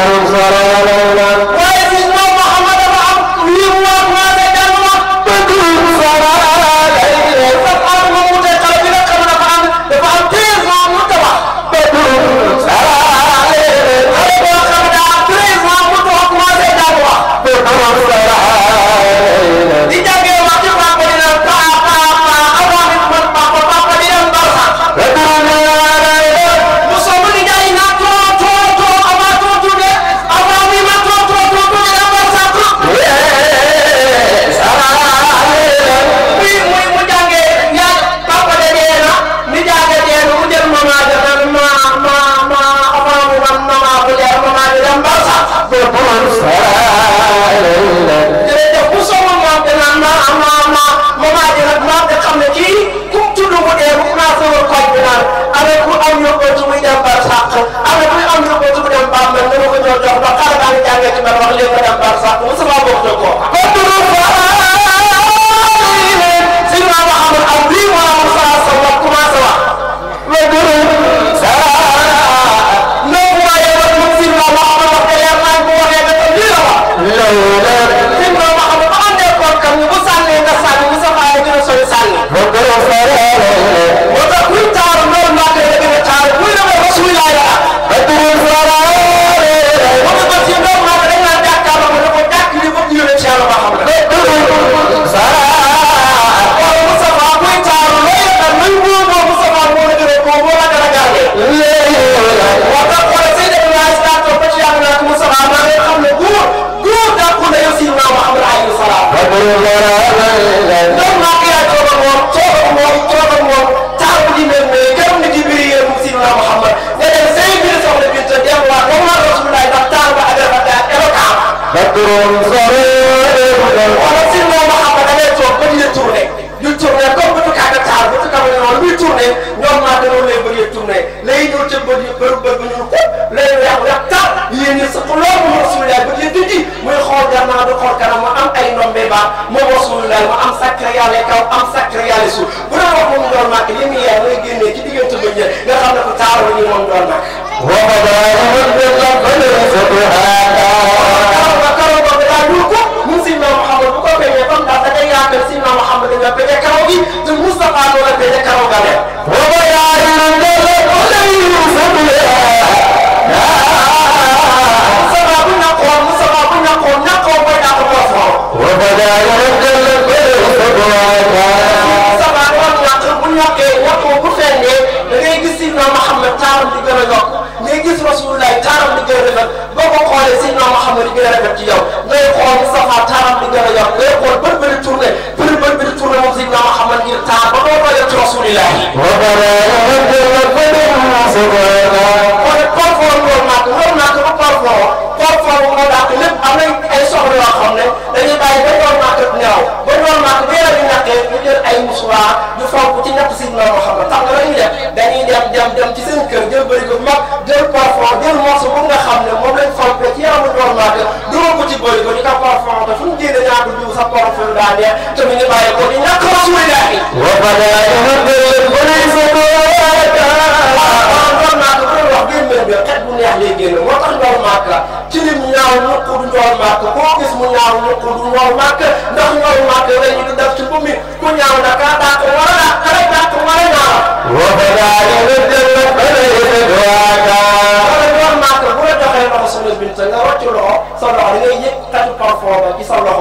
أنصر bàyyi ko di ñàkk rasulillah yi. wa badaa yuhaddil bulaysa baraka. waaw waaw xam naa ko pour wax génn bi xet bu neex lay génn moo tax ñoom màkka ci lim ñaaw ñuq du ñoom màkk koo gis mu ñaaw ñuq du ñoom màkk ndax ñoom màkk rek ñu di def ci bumi ku ñaaw naka daa ko war a daa ko war a ñaaw. wa badaa yuhaddil bulaysa baraka. te nga rocc loxo sa loxo di ngay yëg xetu parfum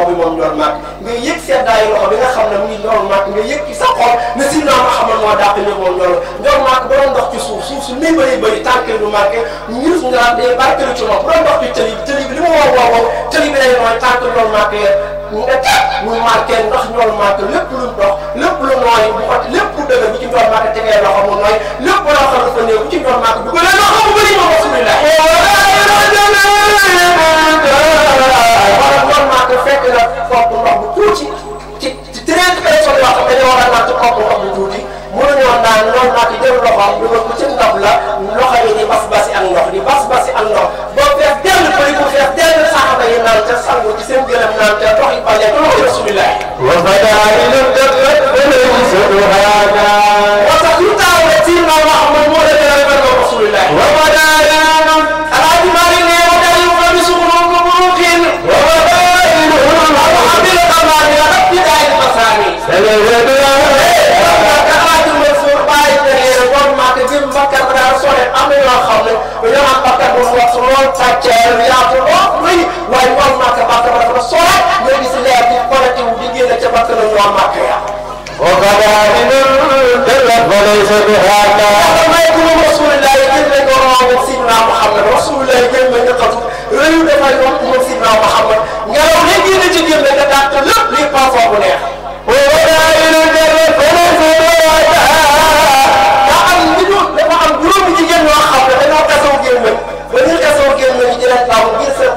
bi moom doon màgg nga yëg seddaayu loxo bi nga xam ne mu ngi doon màgg nga yëg ci sa xol ne si naa ma xamal moo dàq ñëpp moom doon doon màgg ba doon dox ci suuf suuf su néew bëri bëri tànk du màggee ñus nga dee barkeelu ci moom bu doon dox bi tëli ma woo woo woo tëli bi muy marqué ndax ñool marqué lépp lu dox lépp lu nooy bu xot lépp lu dëgg bu ci ñool marqué tegee loxo mu nooy lépp loo xam ne fa néew bu ci ñool marqué bu gëlee loxo bu bëri moom rasulillah wala ñool marqué fekk na kopp ndox bu tuuti ci ci treize personnes yoo xam dañoo war a naan ci kopp ndox bu tuuti mënuñoo naan ñool marqué jël loxoom lu ko ci ndab la loxo yi di bas basi ak ndox di bas basi ak ndox boo fees dell bëri bu fees dell saxaba yi naan ca sangu ci seen gëlëm فليكن رسول الله وفتى Hallelujah. jëm bakkan ba daal sore am na yoo xam ne dañoo am bakkan bu wax lool tàcceel yaatu lool rëy waaye wàllu màkk bakkan ba dafa sore nga gis leer bi connecté wu di génne ca bakkan la ñu am màkk ya. rëyu dafay wax moom Sidna Muhammad ngelaw lay génne ci génne nga dàq lépp lii parfum bu neex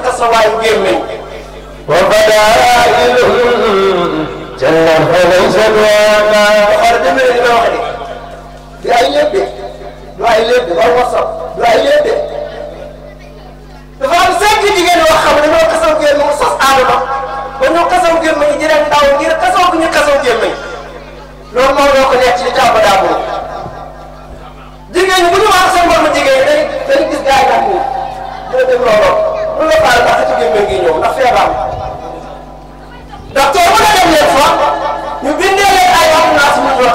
takk sa waay gémmiñ wa fadailuhum jalla falaysa duwaana xool demee li ma wax de du ay lépp du ay lépp war wasal du ay lépp dafa am cinq jigéen yoo xam ne ñoo kasaw gémmiñ mu sos aadama ba ñu kasaw gémmiñ ji rek ndaw ngir kasaw ku ñu kasaw gémmiñ loolu moom doo ko nekk ci li tàmba daa boobu jigéen ñi bu ñu wax seen borom jigéen ñi dañuy dañuy gis gars yi ndax ñu dina dem looloo lu la baal ba xetu gémmiñ gi ñëw ndax feebar docteur bu ne dem leen fa ñu bindee leen ay ordonnance mu ñoo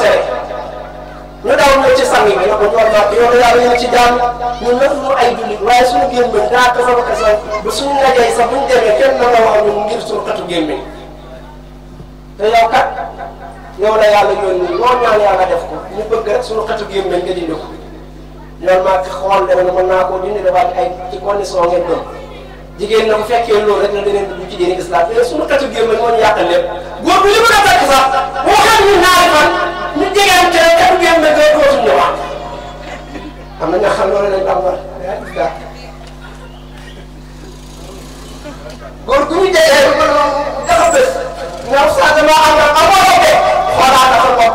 ñu daw ñëw ci sang yi ne ko ñoo noppi ci jàmm ñu nëf mu ay jullit waaye suñu gémmiñ daa ko sama kese bu suñu dajee sax buñ demee kenn mën a wax ñun ngir suñu xetu gémmiñ te yow kat yow la yàlla yónni loo ñaan yàlla def ko ñu bëgg rek suñu xetu gémmiñ nga dindi ko loolu maa xool dama ne mën naa koo dindi dafa ay ci condition ngeen doon. jigéen na bu fekkee loolu rek na danañ dugg ci diine islam mais suñu katu géej ma moo ñu yàqal lépp góor bu li ko def rek sax waxal ñu naari fan ñu jegeen te katu géej ma gën dootuñ ñëwaat am na nga xam loolu lañ bàmbar daa góor gu ñu jegee ba dafa bés nga sax dama am na amoo ko de xoolaa dafa bopp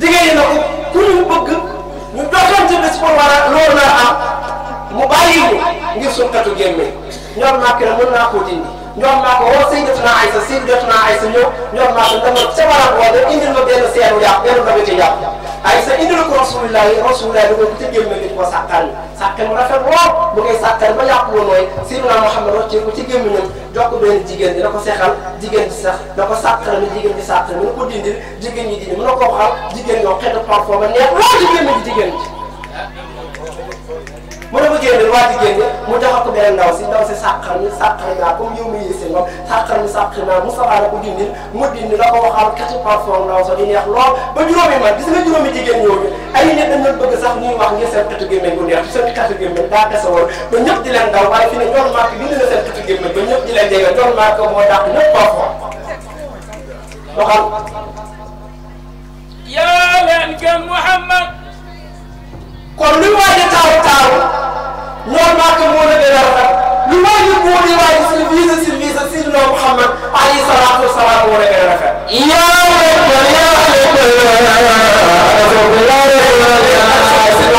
jigéen yi na ko ku ñu bëgg ci bis pour war a loolu naa am mu bàyyi ñu ngir suñu katu gémmee ñoom naa ko mën naa koo dindi ñoom naa ko woo Sayyidatuna Aysa Sayyidatuna Aysa ñëw ñoom naa ko dama ca war a boole indil ma benn seenu yàq benn dama ci yàq Aysa indil ko Rasulullah Rasulullah da ko ca gémmee bi di ko sàkkal sàkkal mu rafet lool mu koy sàkkal ba yàq woon mooy Sayyiduna Muhammad roccee ko ci gémmiñam jox ko benn jigéen di da ko sexal jigéen bi sax da ko sàkkal ni jigéen bi sàkkal mu ne ko dindil jigéen ñi dindi mu ne ko waxal jigéen ñoo xeetu parfum ba neex lool jigéen ñi jigéen ñi mu ne ko génn waati mu jox ko benn ndaw si ndaw si sàqal mi sàqal naa comme yow mii yësee nga sàqal mi sàqal naa mu sabaana ko dindil mu dindi la ko waxal kati parfum ndaw sa di neex lool ba juróomi man gis nga juróomi jigéen ñooñu ay nit dañ doon bëgg sax ñuy wax ngir seen xetu gémmeñ bu neex seen xetu daa dese woon ba ñëpp di leen daw waaye fi ne ñoom màkk bind na seen xetu gémmeñ ba ñëpp di leen jege ñoom màkk moo dàq ñëpp parfum doxal yaa leen kon luy waaj a taaw taaw normalement que moo la gën a rafet lu waaj a góor yi waaj silvise silvise sidna Muhammad alayhi salaatu wa salaam moo la gën a rafet. yaa rabbal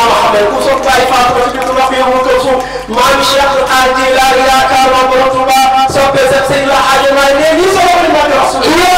aalamiin ku soog taay Fatou ba ci biir ndox mi amul kër suuf maam Cheikh Al Jilaani yaakaar naa borom Tuubaa soppee seen sëñ la xaajal maa ne lii soo ko mën a wax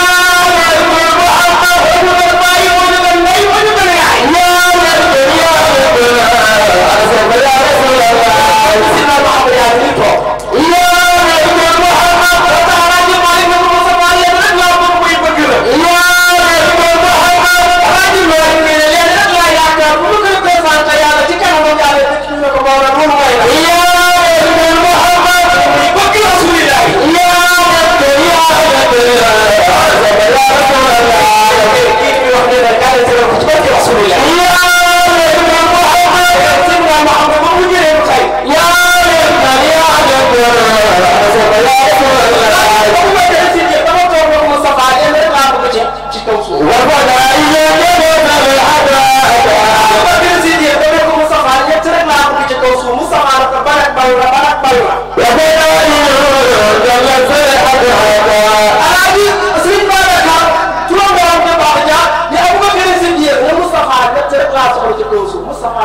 Mustafa rek balak balak balak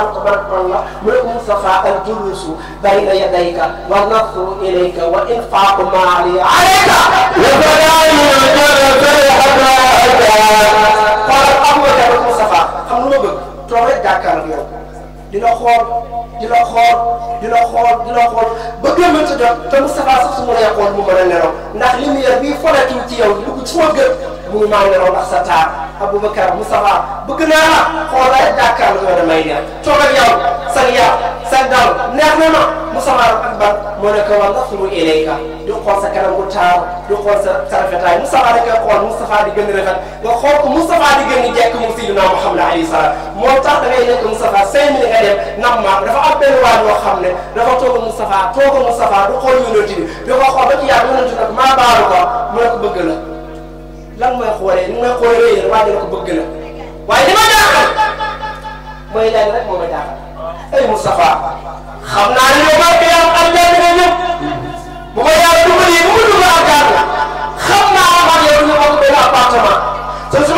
أنت من الله والمصطفى الجلوس بين يديك والنظر إليك وإنفاق ما علي عليك وبلاء الجنة حتى xoolal am nga jabar Moustapha xam nga lu ma bëgg toog rek jàkkaarloo ak yow di la xool di la xool di la xool di la xool ba gën a ci jot te Moustapha sax su ma lay xool mu mën a nelaw ndax li mu yor bii fonatul ci yow dugg ci sama gër bu maa ngi ak sa taar Aboubacar Moustapha bëgg naa la xoolal jàkkaar nga ne may neex toog ak yow sa yar sa dal neex na ma Moustapha akbar moo nekk war nga ilayka di xool sa kanam taar di xool sa sa rafetaay Moustapha da koy xool Moustapha di gën a rafet nga xool ko Moustapha di gën a jekk mu Sayyidina Muhammad moo da ngay nekk Moustapha cinq mille nga dem nam xam ne dafa toog Moustapha toog Moustapha du xool yonent bi di ko xool ba ci yàlla yonent nag maa baalu ko mu bëgg lan mooy xoolee ni mooy xoolee rëy la waaye dama bëgg la waaye li ma jaaxal mooy lenn rek moo ma jaaxal ay Moustapha xam naa ne yow maa am am lenn nga ñëpp bu ko yàlla dugal yi bu ko dugal ak la xam naa am ak yow ñu am benn appartement te su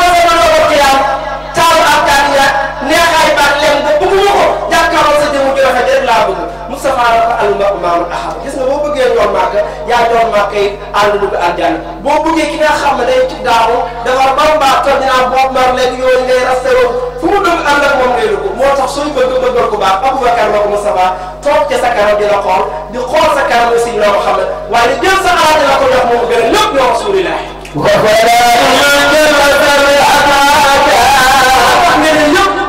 safaara fa aluma maamu ahab gis nga boo bëggee ñoom màkk yaa ñoom màkk yi ànd dugg àjjana boo bëggee ki nga xam ne day ci daawu dafa mar mbaa toog ñu naan boobu mar léegi yooyu ngay resté woon fu mu dugg ànd ak moom ngay moo tax suñ bëgg bëggal ku Abubakar wa Umu Saba toog ca sa kanam di la xool di xool sa kanam aussi ñoo ko xam ne waaye di sa alal la ko jox moom gën a lépp yow Rasulillah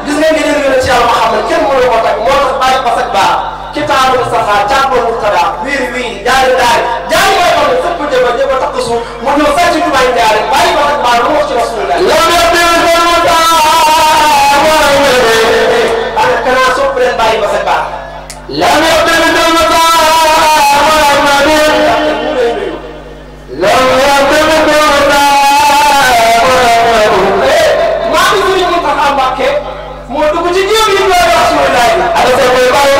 gis nga ngeen gën a ci yàlla ci taaru Moustapha càppal Moustapha wiiri wiiri jaari daari jaari mooy xam ne sëpp jëba jëba takk suuf mu ñëw sàcc jumaay jaari bàyyi ko nag maa lu wax ci rasulullah ana kanaa sopp leen bàyyi ba seen baax lam yaqbil dalmata Muhammadin lam yaqbil dalmata Muhammadin eh, maa ngi sëriñ Moustapha Mbàkke moo dugg ci jiw yi ñu koy wax rasulullah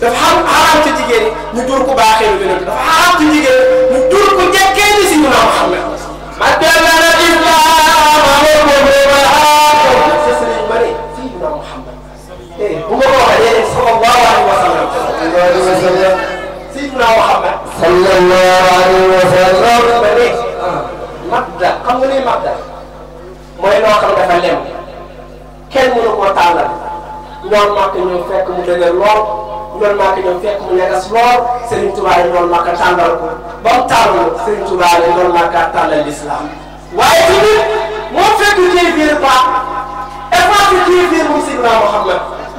dafa xaram ci jigéen ñu dóor ko baaxee lu dafa xaram ci jigéen ñu dóor ko njëkk man maa ko ñëw fekk mu ñagas lool Serigne Touba yi loolu maa ko tàndal ko ba mu tàndal Serigne Touba yi loolu maa ko ñu a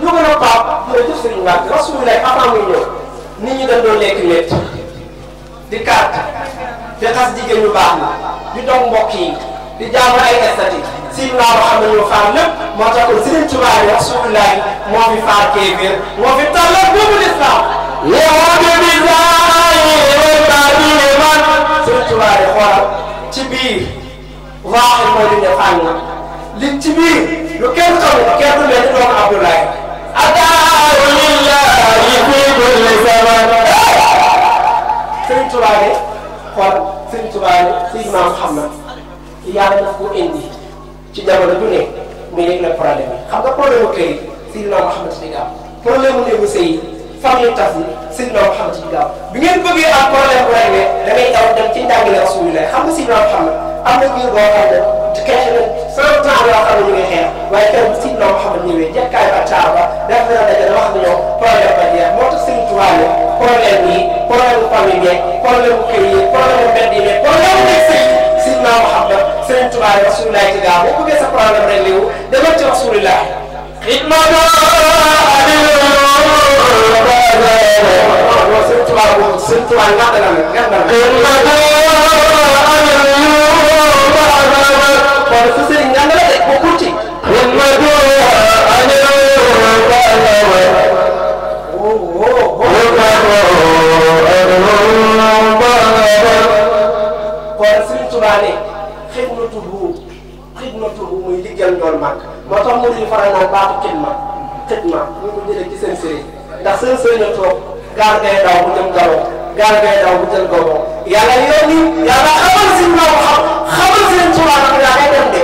Pape jërëjëf Serigne Mbacke Rasulullah di kàtt di tas jigéen ñu baax yi. di jaamu ay estati Seydina Muhammad ñoo faar lépp moo tax kon Sëriñ Tuubaa yi Rasulullahi moo fi faar kéeféer moo fi tàllal boobu lislaam yowatu billahi rabbil man Sëriñ Tuubaa yi xoolal ci biir waaxi moo di ne fànn na li ci biir lu kenn xamul kenn du mel ni doomu Abdoulaye adaaru lillahi fi kulli zaman Sëriñ Tuubaa yi xool Sëriñ Tuubaa yi Seydina yàlla daf ko indi ci jamono ju ne muy régler problème yi xam nga problème mu kër yi Seydina Mouhamed di gaaw problème mu néegu sëy yi fan yu tas yi Seydina Mouhamed di gaaw bi ngeen bëggee am problème bu réglé da ngay daw dem ci njàngale Rasulullah xam nga Seydina Mouhamed am na biir boo xam ne xeex na cent ans yoo xam ne ñu ngi xeex waaye kenn Seydina Mouhamed ñëwee jekkaay ba taar ba def na daje dama xam ne ñoom problème ba jeex moo tax Serigne Touba ne problème yi problème mu famille yeeg problème mu kër yi problème mu mbedd yi mais problème mu nekk sëy Seydina Mouhamed Sëriñ Tuubaa Rasulullah ci gaa boo bëggee sa problème rek léewu demal ci Rasulullah xidmata Sëriñ Tuubaa boobu Sëriñ Tuubaa ñax dana la ñax dana la kon su sëriñ ñax dana de bokkul ci kon Sëriñ Tuubaa ne dem doon màgg moo tax mu ñu faral naan baatu xidma xidma ñu ko jëlee ci seen sëriñ ndax seen sëriñ la toog gaal ngay daw bu jëm garoo gaal ngay daw bu jël goboo yàlla yónni yàlla xamal si ndaw xam xamal seen subaa nag yaa ngay dem de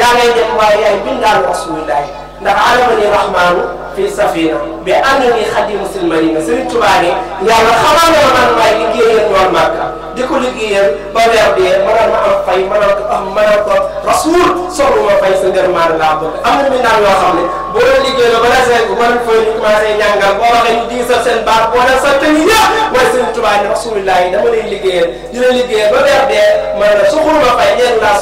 yaa ngay dem waaye yaay bindaalu ak suñu daay ndax alama ni rahmaanu fii safina bi ànd ni xadimu silmarina Sëriñ Tuubaa ne yàlla xamal na man may liggéeyal ñoon Màkka di ko liggéeyal ba weer dee mënal ma am fay mënal ko am mënal ko rasuul soxlu ma fay sa ngërmaane laa bëgg am na mi naan yoo xam ne boo leen liggéeyal ba la seen ko mën fay ñu commencé ñàngal boo waxee ñu diisal seen baax boo leen sant ñu yëpp mooy Sëriñ Tuubaa ne rasulillahi dama lay liggéeyal di la liggéeyal ba weer dee mën na soxlu ma fay ñeen laa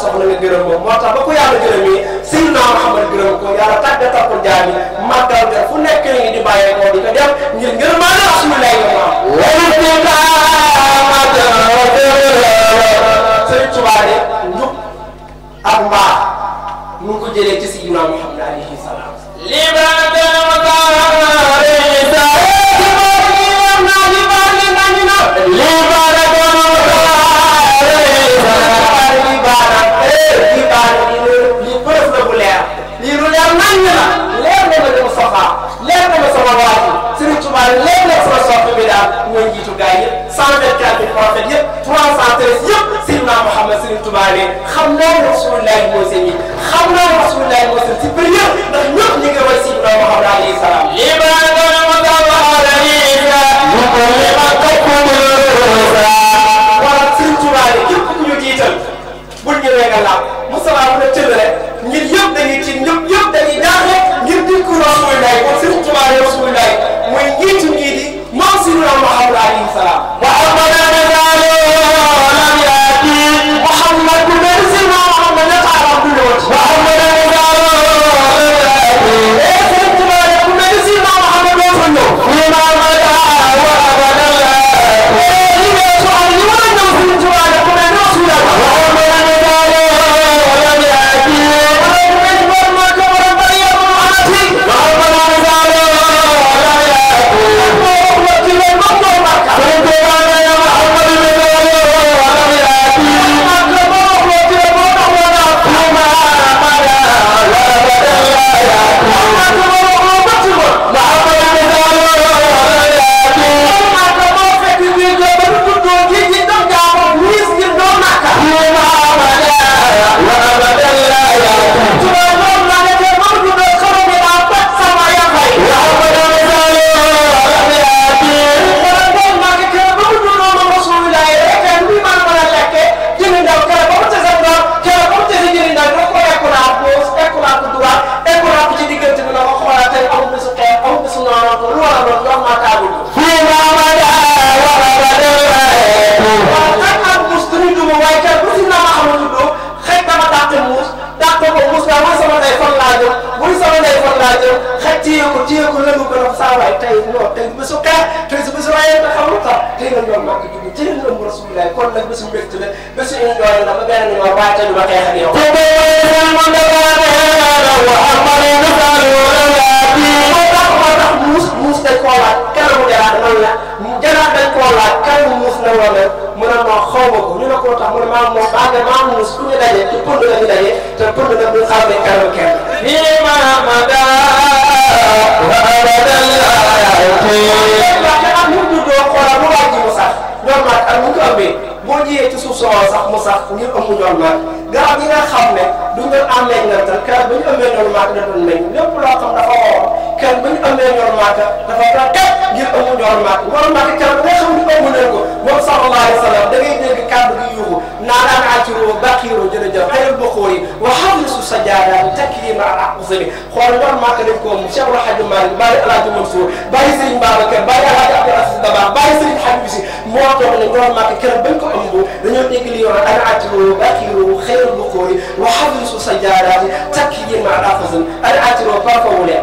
boo jiyee ci suuf soo sax mu sax ngir ëmb ñoom nag garab yi nga xam ne duñ doon am leen ngantal keroog ba ñu amee ñoom maaka da doon meññ lépp loo xam dafa woo keroog ba ñu amee ñoom maaka dafa tàggat ngir amu ñoom maaka ñoom maaka keroog nga xam ne amu leen ko moom sallallahu alayhi wa sallam da ngay dégg kàddu gi yuuxu naanaan atiroo baqiroo jërëjëf xayal boxóor yi wa xam ne su sa jaadaan takrima al aqsami xool ñoom maaka dañ koo mu Cheikh El Hadj Malick bàyyi El Hadj Mansour bàyyi Serigne Babacar bàyyi El Hadj Abdou Aziz Dabakh bàyyi Serigne Habib Si moo tax ne ñoom maaka keroog bañ ko ëmb dañoo dégg li yoon ana atiroo baqiroo خير البقول وحبس سجارات تكي مع الأخذ العتر وفاق ولا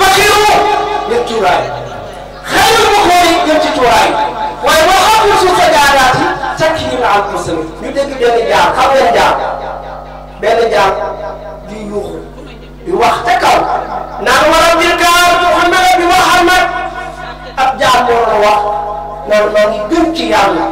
بخيروا من تراي خير البقول من تراي وحبس سجارات تكي مع القسم يدك بين جار قبل جار بين جار دي يوخو يوختكوا نعم رب الكار محمد بمحمد أبجع الله نعم نعم بنتي يا الله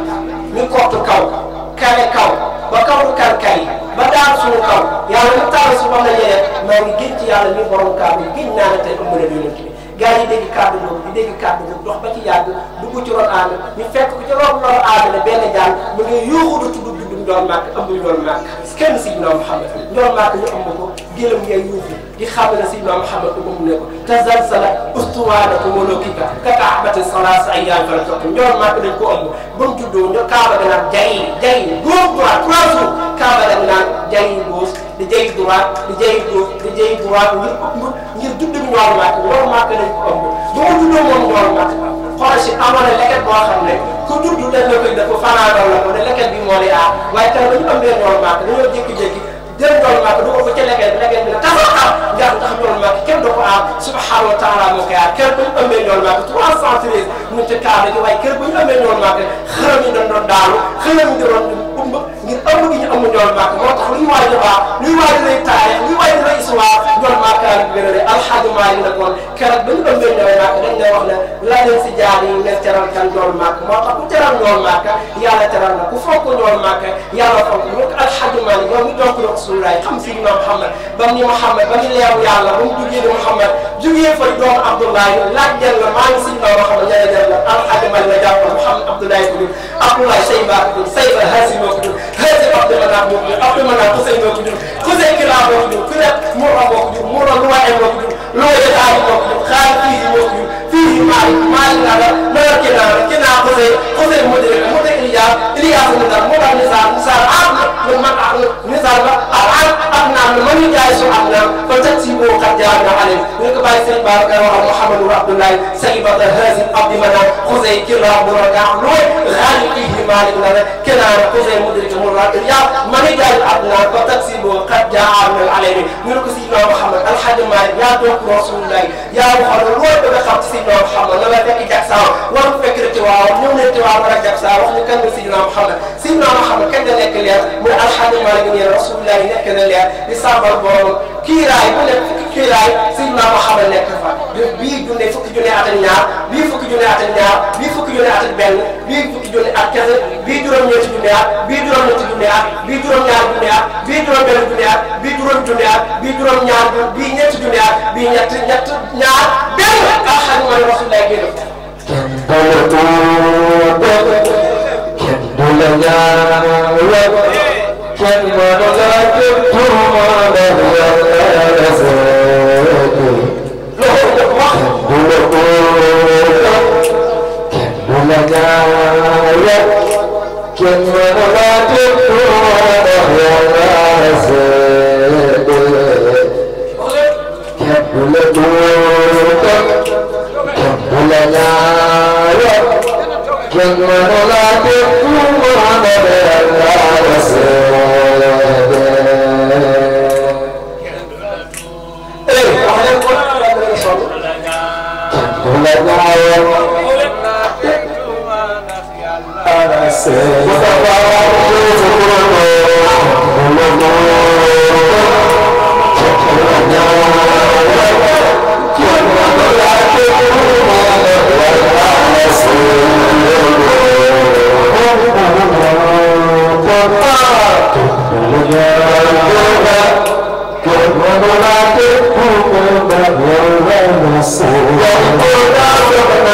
من قوة الكوكب kale kaw ba kawu kàrkari ba daal suñu kaw yàlla lu taal si moom la ñuy def maa ngi gis ci yàlla ñu borom kàddu gis naa ne tey ëmb na yonent bi gars yi dégg kàddu boobu di dégg kàddu boobu dox ba ci yàgg dugg ci ron aadama ñu fekk ko ci ron ron aadama benn jàll mu ngi yuuxu du tudd doon màkk am bu ñu doon màkk kenn Seydina Muhammad doon màkk ñu am ko gëlëm ngay yuufi di xamal ne Seydina Muhammad ko mu ne ko tasalsala ustuwaana ko wala kii ka ka kaabati salaasa ayyaamin fa lam ñoom màkk dañ ko ëmb ba mu juddoo ñoom kaaba da naan jayi jayi góor droit trois jours kaaba da naan jayi góos di jayi droit di jayi góos di jayi droit ngir ëmb ngir judd ñu doon màkk ñoom màkk dañ ko ëmb ba mu juddoo moom doon màkk Quraysh amoon na leket boo xam ne ku tudd leen la koy def ko fanaanoo la ko ne leket bi moo di aar waaye keroog ba ñu am benn normal dañoo jékki-jékki. dem doon màkk dugal ko ca legeen bi legeen bi ne taxaw aar nga tax doon màkk kenn du ko aar subhanahu wa taala moo koy aar kër bu ñu ëmbee doon màkk 313 mu ca kaaba gi waaye kër bu ñu ëmbee doon màkk xëram yi dañ doon daalu xëram yi doon umb ngir ëmb gi ñu ëmb doon màkk moo tax luy waaj a baax luy waaj lay taarix luy waaj lay histoire doon màkk aar bi gën a rëy alxaji maa ngi nekkoon keroog ba ñu ëmbee doon màkk dañ lay wax ne la leen si jaar yi ngeen teral kan doon màkk moo tax ku teral doon màkk yàlla teral na ku fonk doon màkk yàlla fonk ñu ko alxaji maa ngi ñoom ñu donc rasulullahi xam si na Muhammad ba mu ni Muhammad ba mu leeru yàlla ba mu duggee ni Muhammad jugee fa doomu Abdoulaye laaj jël la maa ngi si na Muhammad ña ne jël la alxaji man la jàppal Muhammad Abdoulaye ko dul Abdoulaye Seyba ko dul Seyba Hasi moo ko dul Hasi Abdou Manaf moo ko dul Abdou Manaf Xusey moo ko dul Xusey Kira moo ko dul ku ne Moura moo ko dul Moura lu waay moo ko dul lu waay jotaay moo ko dul xaar fii moo ko dul fii maay maay naa la nawet ki naa la ki naa Xusey Xusey moo dégg moo dégg Iliya Iliya moo dégg Moussa Moussa ah man man ah misaal la al am am naam la ma ñu jaay su am naam fa teg si boo xam jaar nga ni ko bàyyi sëñ Babacar waxal Mouhamadou Abdoulaye salibata hasim abdi manan xusey kirab muraka looy xaali fihi malik lana kenaan xusey mudrika muraka ya mani jaay abna ba taksibo qad jaa min alami ñu ne ko sidna Mouhamad alhaji Malik yaa toog rasulullahi yaa waxal looy bëgg a xam ci sidna Mouhamad la la fekk jagsaaw war ko fekk rek waaw ñëw ne ci waaw war a jagsaaw wax ñu kan la sidna Mouhamad sidna Mouhamad kañ la nekk leer mu ne alhaji Malik ne rasulullahi nekk na leer di sàmbal borom kiiraay mu ne kiiraay sidna ko xamal nekk fa bii junne fukki junne at ak ñaar bii fukki junne at ak ñaar bii fukki junne at ak benn bii fukki junne at kese bii juróom-ñeenti junne at bii juróom-ñeenti junne at bii juróom-ñaar junne at bii juróom-benn junne at bii juróom junne at bii juróom-ñaar bii ñeenti junne at bii ñett ñett ñaar benn alxames mooy waxu lay génn. kenn du la góobee kenn du la ñaareel kenn mënu la jëm pour mu Jangan menolak kekuatan dan rasa Senhor.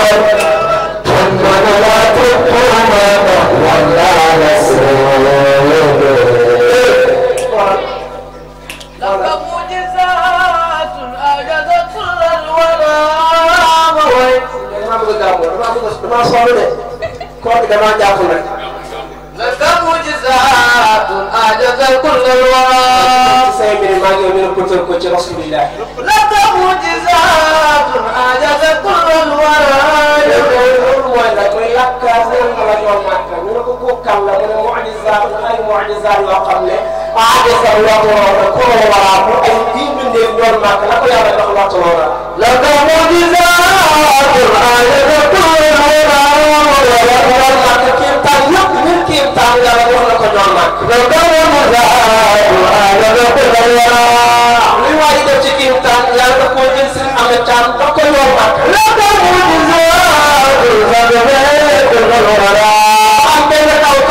لك معجزات أعجز كل paysans yoo xam ne ah desal waxtu woon ak kuréel wala pour ay bii mbindeef doon màgg la ko yàlla jox waxtu woon ak. la ko moo di saa pour ay yëpp kuréel wala wala wala màgg kéemtaan yëpp ñun kéemtaan yàlla wax na ko ñoom màgg. la ko moo di saa pour ay yëpp kuréel wala. li waa ji def ci kéemtaan yàlla da koo jël seen am caam da ko ñoom màgg. la ko moo di saa pour ay yëpp kuréel wala.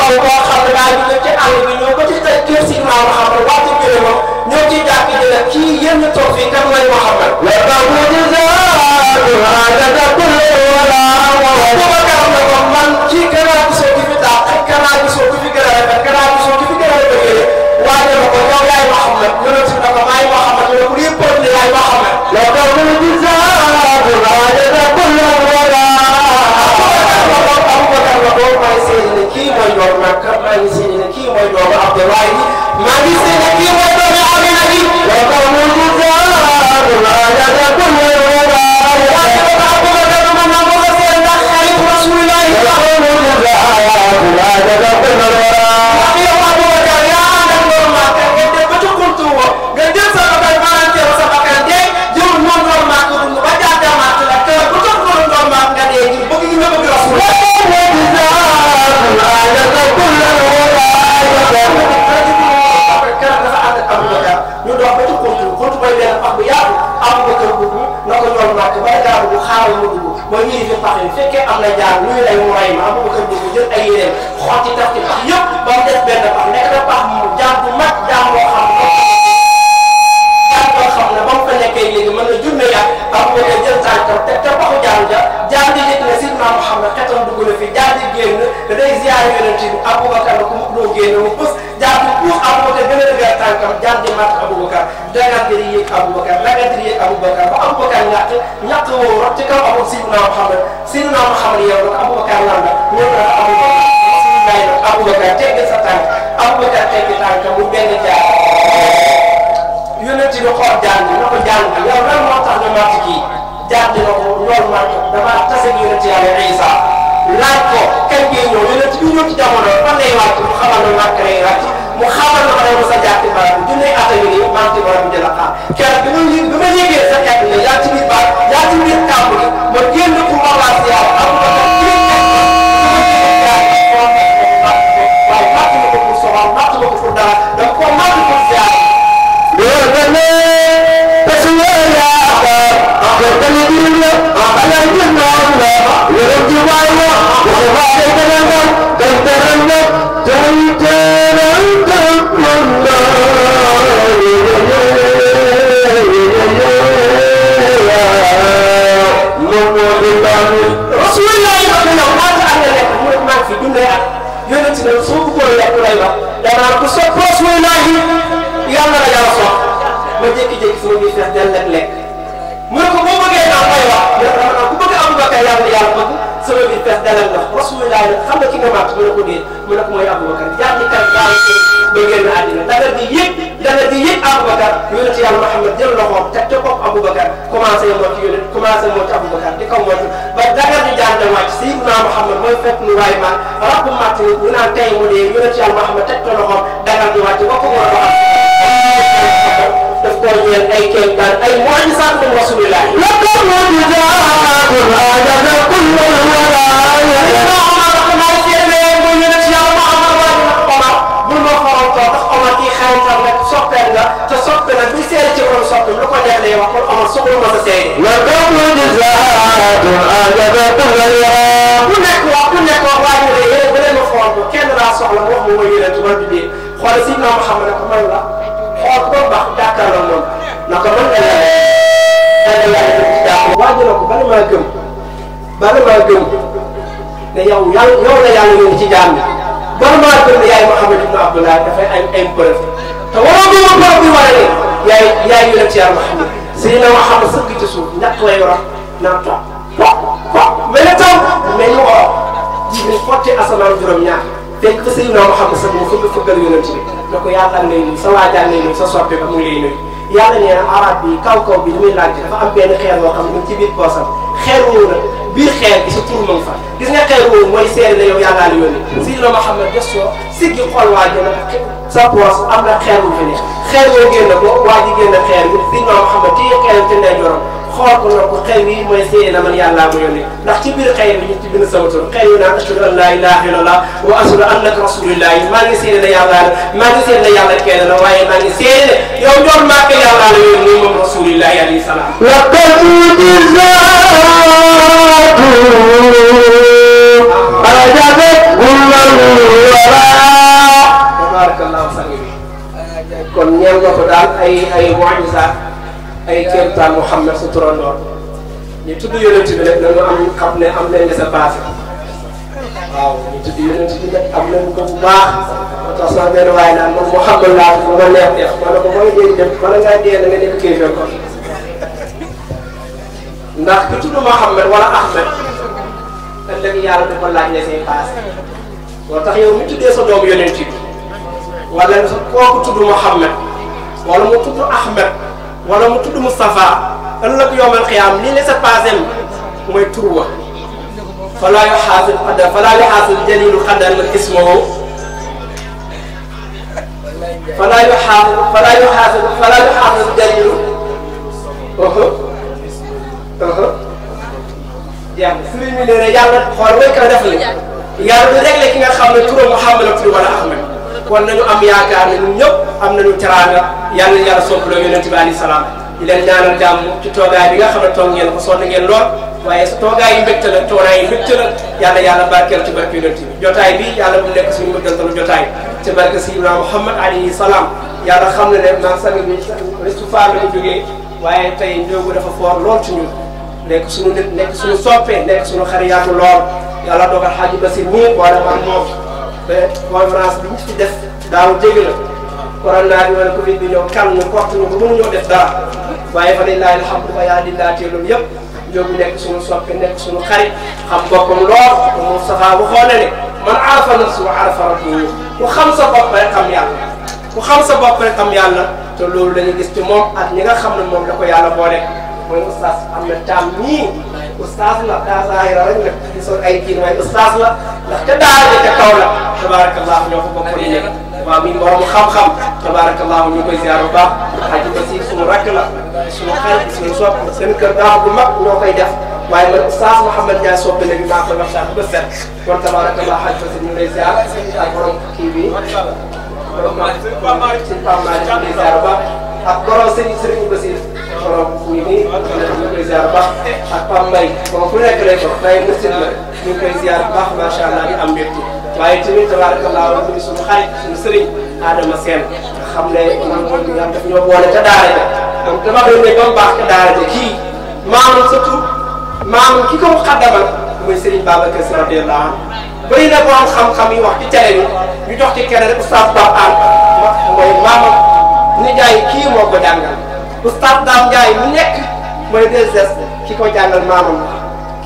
mooy koo xam ne daal di ci àll bi ñoo ko ci tëj kër si maam xam ne wàcc bi ne ma ñoo ciy jàpp di la kii yéen a toog fii kan lañ ma xamal. wa taxu jisaatu haajata kulli wala wala. bu ma gàmm ne ko man ci kanaa gisoo di fi daax ak kanaa gisoo di fi gën a rafet kanaa gisoo di fi gën a rafet yéen waaye ma ko yow yaay ma xamal ñu ne si ne ko maay ma xamal ñu ne bu dee bon yaay ma xamal. wa taxu jisaatu haajata kii mooy doomu Makka maa ngi seede ne kii mooy doomu Abdoulaye maa ngi seede ne kii mooy doomu Amina bi wa qawmun kuffaarun laa takun Woo! buntu bay benn pax bu yaatu am ba kër gudd na ko ñoom màcc ba la jaaru bu xaaral ma dugg ba ñuy fi pax yi fekkee am na jaar luy lay mu rey ma am ba kër gudd jël ay yéreem xotti taf ci pax yëpp ba mu des benn pax nekk na pax mu jaar bu mag jaar boo xam ne jaar boo xam ne ba mu fa nekkee léegi mën na junne yàq am ba nga jël tànkam te te paxu jaar ja jaar di yëg ne sidna Muhammad xetam dugg na fi jaar di génn day ziyaar yonent bi Abubakar ko mu doo génn mu pës jaar bi puus Aboubacar gën a dëgër tànkam jaar di màtt Aboubacar daganteri yéeg Aboubacar daganteri yéeg Aboubacar ba Aboubacar ñàkk ñàkk woo rot ci kaw amul Seydina Mouhamed Seydina Mouhamed yow nag Aboubacar lan la ñëw na Aboubacar Seydina nag Aboubacar teggi sa tànk Aboubacar teggi tànkam mu benn jaar yónnee ci lu xool jaar bi na ko jaar bi yow lan moo tax nga màtt kii jaar di na ko loolu màtt damaa tase yónnee ci yàlla Isa laaj ko kañ ngay ñëw yonent bi ñëw ci jamono fan lay wàcc mu xamal na màkk lay wàcc mu xamal na ma ne ma sa jàpp barab bi junne at a ngi nii maa ngi ci barab bi di la xaar keroog bi ma yëg bi ma yëgee sa jàpp ne yaa ci biir baat yaa ci biir kàmb gi ma génn pour ma laaj si yàlla am na ko kii nekk ma waaye màtt ma ko pour sobal màtt ma ko pour dara dama ko màtt pour ziar Thank you. rasulullah yi wax nañu maa ko lekk mu ne maa fi dundee ak yónent ci nag soo bëggoon lekk lay wax danaa ko sopp rasulullah yi yàlla la yàlla sopp ma jékki-jékki sama biir fees del lekk mu ne ko boo bëggee naa koy wax mu ne ko ku bëgg Abu Bakar yàlla yàlla bëgg sama biir fees del lekk rasulullah yi xam nga ki nga mu ne ko déet mu ne ko mooy Abu Bakar jaar ci kàddu daal ba génn àddina dagal bi yëpp dana ji yëpp Aboubacar yonent yàlla Muhammad jël loxoom teg ca bopp Aboubacar commencé moo ci yonent commencé moo ci Aboubacar di ko moytu ba dagar ñu jaar dem wàcc Sayyidina Muhammad mooy fekk nu waay maan rab màtt ñu naan tey mu dee yonent yàlla Muhammad teg ca loxoom dagar ñu wàcc ba ko war a am daf koo ñeel ay kéemtaan ay mu'jizaat min Rasulillah xaritam rek soppeem nga te soppe nag ñu seede ci kon soppe lu ko neex lay wax kon amul soxla ma sa seede. la kooku di zaatu ajabatum la yaa. ku nekk wax ku nekk wax waa ñu ne yéen bële ma xool ko kenn laa soxla wax mu ma yéene tuba bi dee xool si ñoom xam ne ko man la xool ko baax jàkkaarloo moom naka man nga yaa waaj na ko bala maa gëm bala maa gëm ne yow yàlla yow la yàlla yónni ci jaam bi bala maa gëm ne yaay Muhammad ibn Abdullah dafay ay preuve te waroo gëm a preuve bi wane ne yaay yaay yonent Yàlla Muhammad Seydina Muhammad sëgg ci suuf ñàkk lay yoroon naan taw waaw waaw mel na taw mel ni woro Jibril asamaan juróom-ñaar fekk fa Seydina Muhammad sëgg mu fëgg fëggal yonent bi na ko yàlla ngay nuyu sa waajal ngay nuyu sa soppe ba mu ngi lay nuyu yàlla nee na arab bi kaw kaw bi li muy laaj dafa am benn xeer boo xam ne ci biir poosam xeer woowu biir xeer bi sa tur ma fa gis nga xeer woowu mooy seere na yow yàllaa la yónni si la ma xam ne gëstoo siggi xool waa ji nag sa poos am na xeer wu fa ne xeer woo génn ko waa ji génn xeer bi si la ma xam ne téye xeer te ndey jorom xool ko nga ko xëy wi mooy seey na man yàllaa ma yónni ndax ci biir xëy bi ñu ci bind sama tur xëy wi naan ashhadu an laa ilaaha illallah wa ashhadu annaka rasulullahi maa ngi seey na yàllaa la maa ngi seey na yàlla kenn la waaye maa ngi seey na yow njool maa ko yàllaa la yónni moom rasulillahi alayhi salaam laqad ujizaatu ajabat wara tabaarakallahu sangi bi kon ñeel nga ko daal ay ay mujiza ay kéemtaan Muhammad su turandoor ñu tudd yonent bi nag nañu am xam ne am nañ la sa base waaw tudd yonent am nañ ko bu baax moo tax sama benn waaye naan man Muhammad laa ko ma neex ko mooy dee dem bala ngaa dee na ko ndax ku tudd Muhammad ko laaj ne say base moo tax yow mi tuddee sa doom yonent bi wala nga sa kooku tudd Muhammad wala mu tudd Ahmed wala mu tudd Moustapha ëllëg yowmal xiyaam lii la sa paasem mooy tur wa falaa yu xaasil xadda falaa yu xaasil jalilu xadda man ismoo falaa yu xaasil falaa yu xaasil falaa yu xaasil jalilu jeex na sëriñ mi nee na yàlla xool way ko def la yàlla du réglé ki nga xam ne turam Mouhamed ak tur wala Ahmed kon nañu am yaakaar ne ñun ñëpp am nañu teraanga yal na yàlla soppaloo yonent bi alayhi salaam di leen ñaanal jàmm ci toogaay bi nga xam ne toog ngeen ko sonn ngeen lool waaye toogaay yi mbégte la toonaay yi mbégte la ci barke yonent bi jotaay bi yàlla bu nekk suñu mbëggantalu jotaay ci barke Sayyidina Muhammad alayhi salaam yàlla xam na ne man sang bi restu femme la jógee waaye tey njóogu dafa foor lool ci ñun nekk suñu nit nekk suñu soppee nekk suñu xariyaatu lool yàlla dogal xaaji Basir mii wala man moom ba conférence bi ñu fi des daaw jéggi la corona bi wala Covid bi ñëw kàll ñu porte ñu ba mënuñoo def dara waaye fa lillahi alhamdu fa yaa lillaatee loolu yëpp ñooñu nekk suñu soppe nekk suñu xarit xam boppam lool moom safa bu xoolee ne man arafa nafsu wa arafa rabbuhu ku xam sa bopp rek xam ku xam sa bopp rek xam yàlla te loolu la ñu gis ci moom ak ñi nga xam ne moom la ko yàlla boole. mooy ustaas am na caam nii ustaas la daa zaahira rek nag di sol ay diir waaye ustaas la ndax ca daara ja ca kaw la tabaarakallah ñoo ko bokk di nekk waaw mi borom xam-xam tabaarakallah ñu koy ziar bu baax aji aussi suñu rakk la suñu xarit suñu sopp seen kër daaw bu mag ñoo koy def waaye man ustaas Mouhamed Ndiaye sopp na bi maa koy wax saa ba set kon tabaarakallah aji aussi ñu ngi lay ziar ak borom kii bi borom si Pape Malick ñu ngi lay ziar bu baax ak borom sëriñ sëriñ Basir borom ñu ngi ñu koy ziar baax ak Pape Mbaye moom fu nekk lay ko day mësit la ñu koy ziar baax macha allah di am mbégte waaye tamit tabaarakallaa wax ni suñu xarit suñu sëriñ Adama Sène nga xam ne moom mooy li nga xam daf ñoo boole ca daara ja donc dama doon ne ba mu baax ca daara ja kii maanaam surtout maanaam ki ko xaddamal mooy sëriñ Babacar Sy radiyallahu anhu bëri na borom xam-xam yi wax ci cere bi ñu jox ci keneen rek oustaz Pape Anne mooy maamam nijaay kii moo ko jàngal Oustaz Dame Ndiaye mu nekk mooy DSS ki ko jàngal ma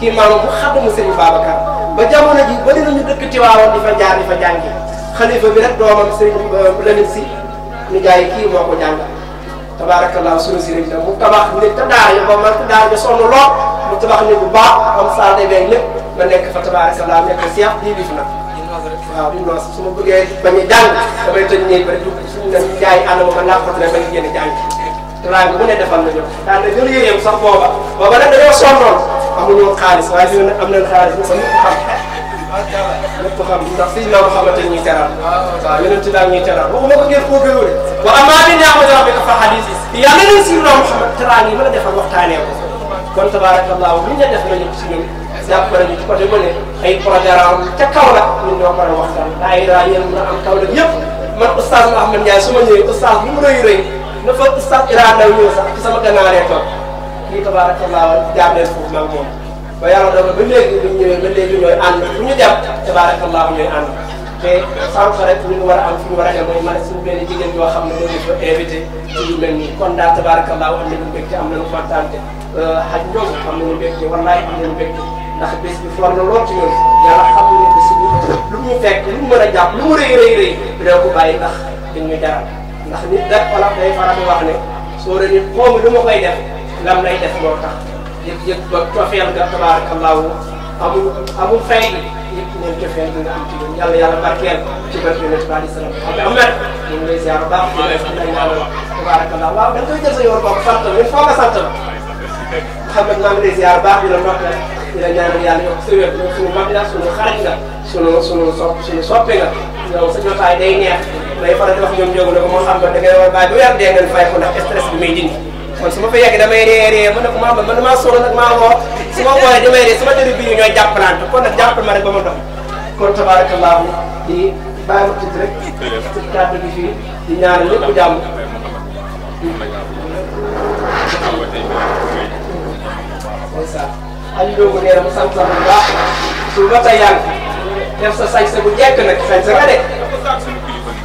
kii maamam bu xadamu Serigne Babacar ba jamono ji bari na ñu dëkk Tiwaawan di fa jaar di fa jàngi xalifa bi rek doomam Serigne euh, Lamine Sy ñu jaay kii moo ko jàngal tabaarakallah suñu Serigne tam mu tabax nit te daara yi ba lool mu tabax nit bu baax am saa day beeg lépp ba nekk fa tabaarakallah nekk seex lii di fi nag waaw di noos su ma bëggee bañ a jàng damay tëj néeg ba rek suñu dem jaay àll ba ma jàng rang bu ne defal nañu daan na jël yëreem sax booba booba nag dañoo sonnoon amuñu xaalis waaye fi am nañ xaalis ñëpp xam ñëpp xam ndax fii naa ko xamante ñuy teral waaw yeneen ci daal ñuy teral waxuma ko ngeen koo gëwale wa amaa bi ñaa ma jox bi ko fa xadis yi yàlla nañ si loo xam teraan yi mën a defal waxtaanee ko kon tabaarakallaahu li ñu def nañu si ñun jàppale ñu ci côté bu ne ay projet raam ca kaw la ñun ñoo mën a waxtaan daayira yéen mën a am kaw la yëpp man oustaz Mouhamed Ndiaye su ma ñëwee oustaz bu mu rëy rëy na fa sax Iran daw ñëw sax ci sama gannaaree toog kii moom. ba yàlla doon ba léegi ñu ñëwee ba léegi ñooy ànd fu ñu dem tabaarakallaa ñooy ànd ñu war a am fu ñu war a dem kon daal tabaarakallaa am nañu mbégte am nañu kontaante xaj euh, ñoom am nañu mbégte wallaay am nañu mbégte ndax bés na lool mu fekk lu mu mën a jàpp lu mu rëy rëy rëy dina ko bàyyi ndax dañ ñu jaral ndax nit rek wolof day faral di wax ne soo doon nit xoomu lu ma koy def lam lay def moo tax yëg-yëg ba cofeel nga tabaarakallaahu amul amul fay yëpp ñoom cofeel bi nga am ci ñoom yàlla yàlla barkeel ci barke Yonent bi alayhi salaam xam nga am na ñu ngi lay ziar baax di lay sant ñaanal tabaarakallaahu waaw da nga koy jël sa yoon bokk sant la il faut nga sant la xam nga maa ngi lay ziar baax di la ndokkeel di la ñaanal yàlla yokk sa wér suñu mag la suñu xarit nga suñu suñu sopp suñu soppe nga yow sa jotaay day neex may faral di wax ñoom Ndiob ne ko moo xam ne dangay war bàyyi ba weer dee ngeen fay ko ndax stress bi may dindi kon su ma fa yegg damay ree ree mën na ko maa mën maa sonn nag maa woo su ma wooyee damay ree sama dëri bi ñu ñooy jàppalante kon nag jàppal ma rek ba ma dox kon tabaarakallaahu di bàyyi ma tudd rek ci kàddu gi fii di ñaanal ñëpp jàmm Aliou Ndiob nee na mu sant la bu baax su ba tey yaa ngi def sa sañ sa bu jekk nag sañ sa nga de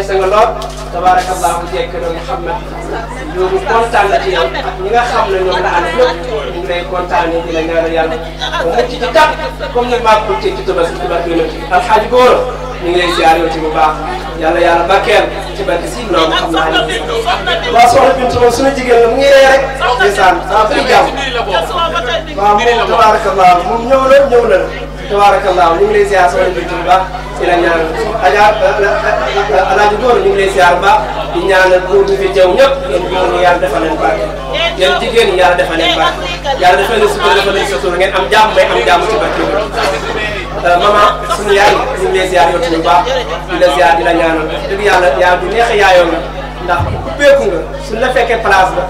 sañ sa nga lool tabaarakallaahu jekk na Muhammad ñoomu kontaan na ci yow ak ñi nga xam ne ñoom la ànd ñëpp ñu ngi lay kontaanee di la ñaanal yàlla ba mucc ci tàpp comme ni maa ko ci tabaski tabaski yonent bi alxaaji góor ñu ngi lay ziar yow ci bu baax yàlla yàlla bakkeel ci barke si noonu xam naa ne waaw soxna Bintu moom suñu jigéen la mu ngi ree rek ndeysaan waaw fii jàmm waaw moom tabaarakallaahu moom ñëw na ñëw na tabaarakallaahu ñu ngi lay ziar soxna Bintu bu baax di la ñaanal laaju doon ñu ngi leen siyaar baax di ñaanal góor ñi fi teew ñëpp yéen góor ñi yàlla defal leen barke yéen jigéen ñi yàlla defal leen barke yàlla defal leen sutura defal leen sutura ngeen am jàmm may am jàmm ci barke euh, maman suñu yaay ñu ngi leen siyaar yow bu baax di la siyaar di la ñaanal dëgg yàlla yaa du neex yaayoo nga ndax ku béeku nga suñ la fekkee place ba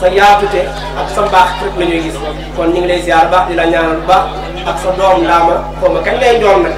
sa yaatute ak sa mbaax rek la ñuy gis kon ñu ngi lay ziar baax di la ñaanal baax ak sa doom ndaama xaw ma kañ lay doom nag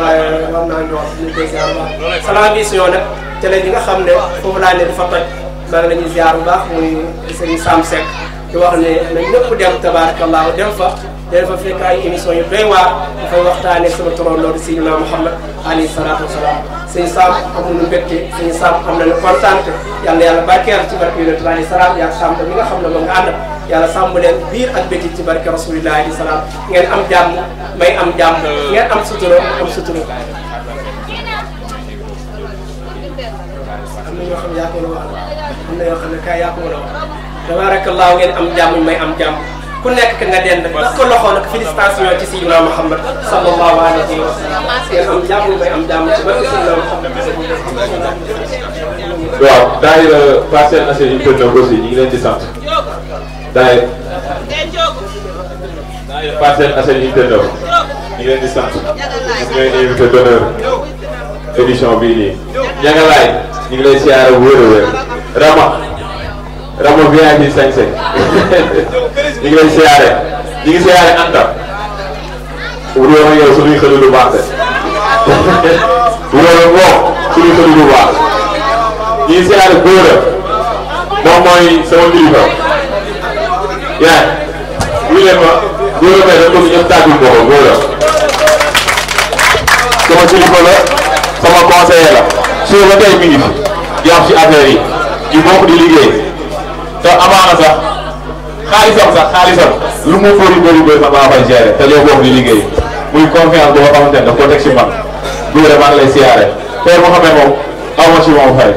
waaye war naa doom ñu ngi koy ziar baax Salam Vision nag télé bi nga xam ne foofu laa ne du fa toj maa ngi la ñuy ziar bu baax mooy muy sëriñ Sam Seck di wax ne na ñëpp dem tabaarakallaahu dem fa dem fa fekk ay émission yu doy waar dafay waxtaane sama turandoo di Seydina Muhammad alayhi salaatu wasalaam sëñ Sam amul nu mbégte sëñ Sam am nañu kontaan yàlla yàlla barkeel ci barke yonent bi alayhi salaam yàlla sàmm mi nga xam ne moom nga ànd yàlla sàmm leen biir ak béti ci barke rasulillah alayhi salaam ngeen am jàmm may am jàmm ngeen am sutura am sutura am na ñoo xam ne yaa ko war a wax am na yoo xam ne kaay yaa ko war a wax tabaarakallaahu ngeen am jàmm may am jàmm ku nekk nga dend ndax ko loxo nag félicitation ci Seydina Muhammad sallallahu alayhi wa sallam ngeen am jàmm may am jàmm ci barke Seydina Muhammad waaw daayira Parcelles Assainies Unité neuf aussi ñu ngi leen ci sant daayira daayira Parcelles Assainies Unité neuf ñu ngi leen di sant ñu ngi leen invité d'honneur édition bii nii ña nga laay ñu ngi lay siyaare wér a wér rama Ramo VIP sañse ñu ngi lay siyaare ñu ngi siyaare Anta. bu dul woon yow suñuy xëli lu baax de bu dul woon moom suñuy xëli lu baax ñu ngi siyaare góora moom mooy sama kilifa yaa ngi leen ma góora may da bëgg ñëpp tàggul ko ko góora sama kilifa la sama conseiller la suba ba tey mi ngi fi jàpp ci affaire yi ñu bokk di liggéey te amaana sax xaalisam sax xaalisam lu mu bëri bëri bëri sax maa koy gérer te loolu boobu di liggéey muy confiance boo xamante ne daf ko teg ci man duure maa ngi lay siyaare père Mouhamed moom aw ma ci moom fay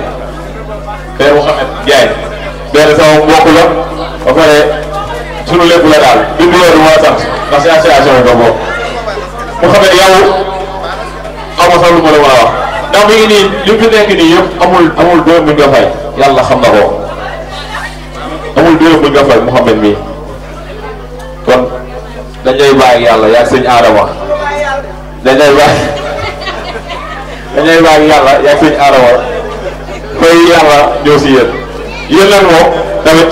père Mouhamed Ndiaye benn sama mbokk la ba pare sunu lépp la daal bind yooyu du ma la sant ndax si association bi nga bokk Mouhamed yow aw ma sax lu ma la mën a wax ndax mi ngi nii li fi nekk nii yëpp amul amul doom bi nga fay yàlla xam na ko. amul dërëm bu nga fay Mouhamed kon dañ lay bàyyi yàlla yaa sëñ Adama dañ lay bàyyi [laughs] dañ lay bàyyi yàlla yaa sëñ Adama fay yàlla ñëw si yéen yéen lan moom tamit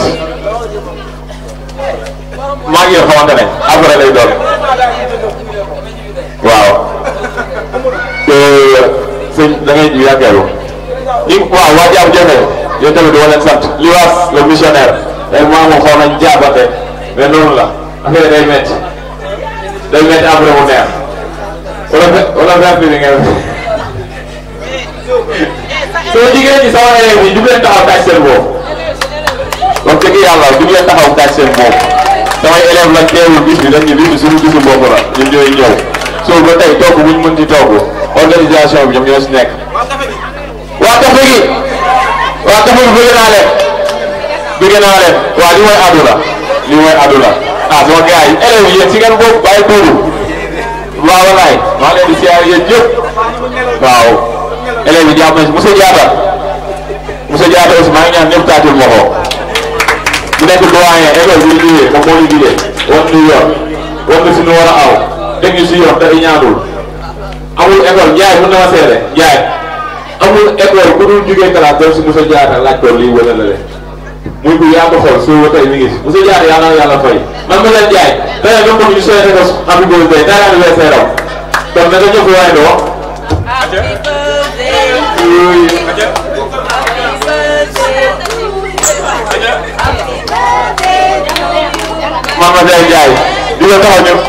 maa ngi yor xamante ne après lay doon waaw te sëñ da ngay yàggeelu li waaw waa jaam jafe yéen tamit dama leen sant liwaas le missionnaire day maamu xaw nañ jaabate mais noonu la affaire day métti day métti après mu neex wala wala vert bi nga soo jigéen ñi sama élève yi jug leen taxaw taaj seen bopp wax dëgg yàlla jug leen taxaw taaj seen bopp samay élève lañ teewul bis bi dañu bis bi suñu gisu bopp la ñun ñooy ñëw soo ba tey togg buñ mën ci togg organisation bi ñoom ñoo si nekk waa café gi naa leen bëgg naa leen waaw li mooy àdduna li mooy àdduna ah moo gars yi élèves yi yéen si ngeen boobu bàyyi boobu waaw walaay maa leen di siyaar yéen ñëpp waaw élèves yi jàpp nañu monsieur Diatta monsieur Diatta aussi maa ngi ñaan ñëpp taatil ma ko bu nekk doyen école bi ñu ñëwee moom moo ñu jugee wan ñu yor wan ñu si ñu war a aw dégg ñu si yor dafay ñaanul na ma seede jaay amul école bu dul jugee classe dem si monsieur Diatta laaj ko lii wala la muy bu yaa ko xool suy ba tey mi ngi si monsieur Diagne yàlla na yàlla fay man leen jaay tey même comme ñu souhaité ko happy birthday tey laa dafay seeraw kon naka ñëpp waay doo. man ma leen jaay di nga taxaw ñëpp.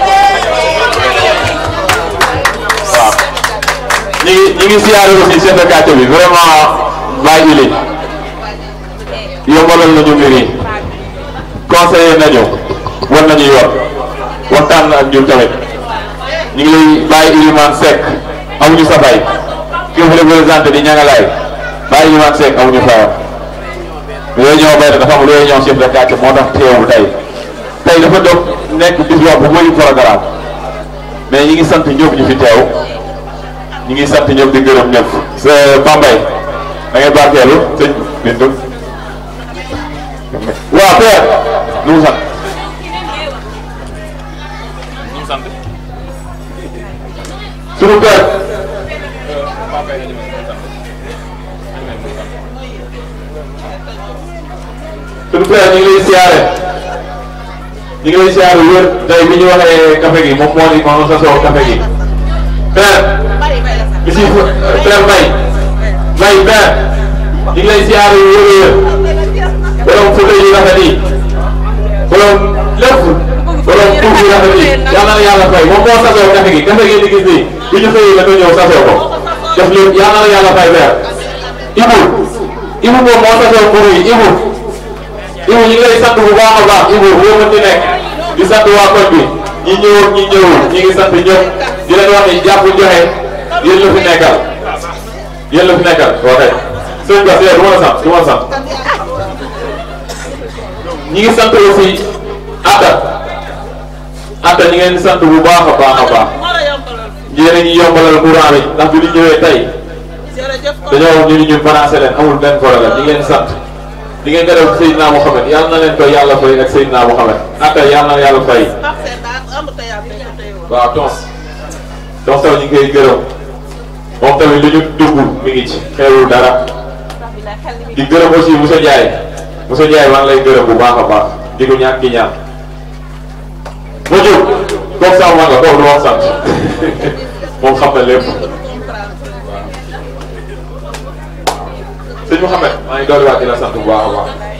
waaw ñu ngi ñu ngi siyaare aussi chef de quartier bi vraiment bàyyi li. yombalal nañu mbir yi conseiller nañu war nañu yor waxtaan na ak ñun tamit ñu ngi lay bàyyi Ilimane Seck amuñu sa fay ki nga représenté di ñangalaay bàyyi Ilimane Seck amuñu fayam réunion benn dafa am réunion chef de quartier moo tax teewul tey tey dafa doon nekk bis yoo bu bëri programme mais ñi ngi sant ñëpp ñu fi teew ñu ngi sant ñëpp di gërëm ñëpp. sa Bambey da ngay barkeelu sëñ Bintu. waa père nu mu sant. bi ñu waxee café gi moom moo di moom sasoo café gi. père. monsieur père Mbaye. Mbaye père. ñu ngi lay siyaare wér wér. borom fu lay rafet yi borom lépp borom tur bi rafet yi yàlla na yàlla fay moom moo sasoo kafe gi kafe gi di gis nii bi ñu xëyee dafa ñëw sasoo ko def leen yàlla na yàlla fay weer ibu ibu moom moo sasoo mburu yi ibu ibu ñu ngi lay sant bu baax a baax ibu boo mën di nekk di sant waa koñ bi ñi ñëwoon ñi ñëwul ñi ngi sant ñëpp di leen wax ni jàpp joxe yéen la fi nekkal yéen la fi nekkal ok sëñ Ba Seye du ma la sant du ma la sant ñi ngi sant aussi Atta Atta ñi ngeen sant bu baax a baax a baax yéen a ngi yombalal courant bi ndax bi ñu ñëwee tey dañoo ñu ñu financé leen amul benn problème ñi ngeen sant di ngeen ko def Seydina Mouhamed yàlla na leen koy yàlla fay ak Seydina Mouhamed Atta yàlla na yàlla fay waaw tons donc tamit ñu ngi koy gërëm moom tamit lu ñu dugg mi ngi ci dara di gërëm aussi monsieur Ndiaye. monsieur Ndiaye maa ngi lay gërëm bu baax a baax di ko ñaan ki ñaan ma jóg toog saa ma nga toog lu wax sant [laughs] moom xam na lépp sëñ Mouhamed maa ngi dolliwaat di la sant bu baax a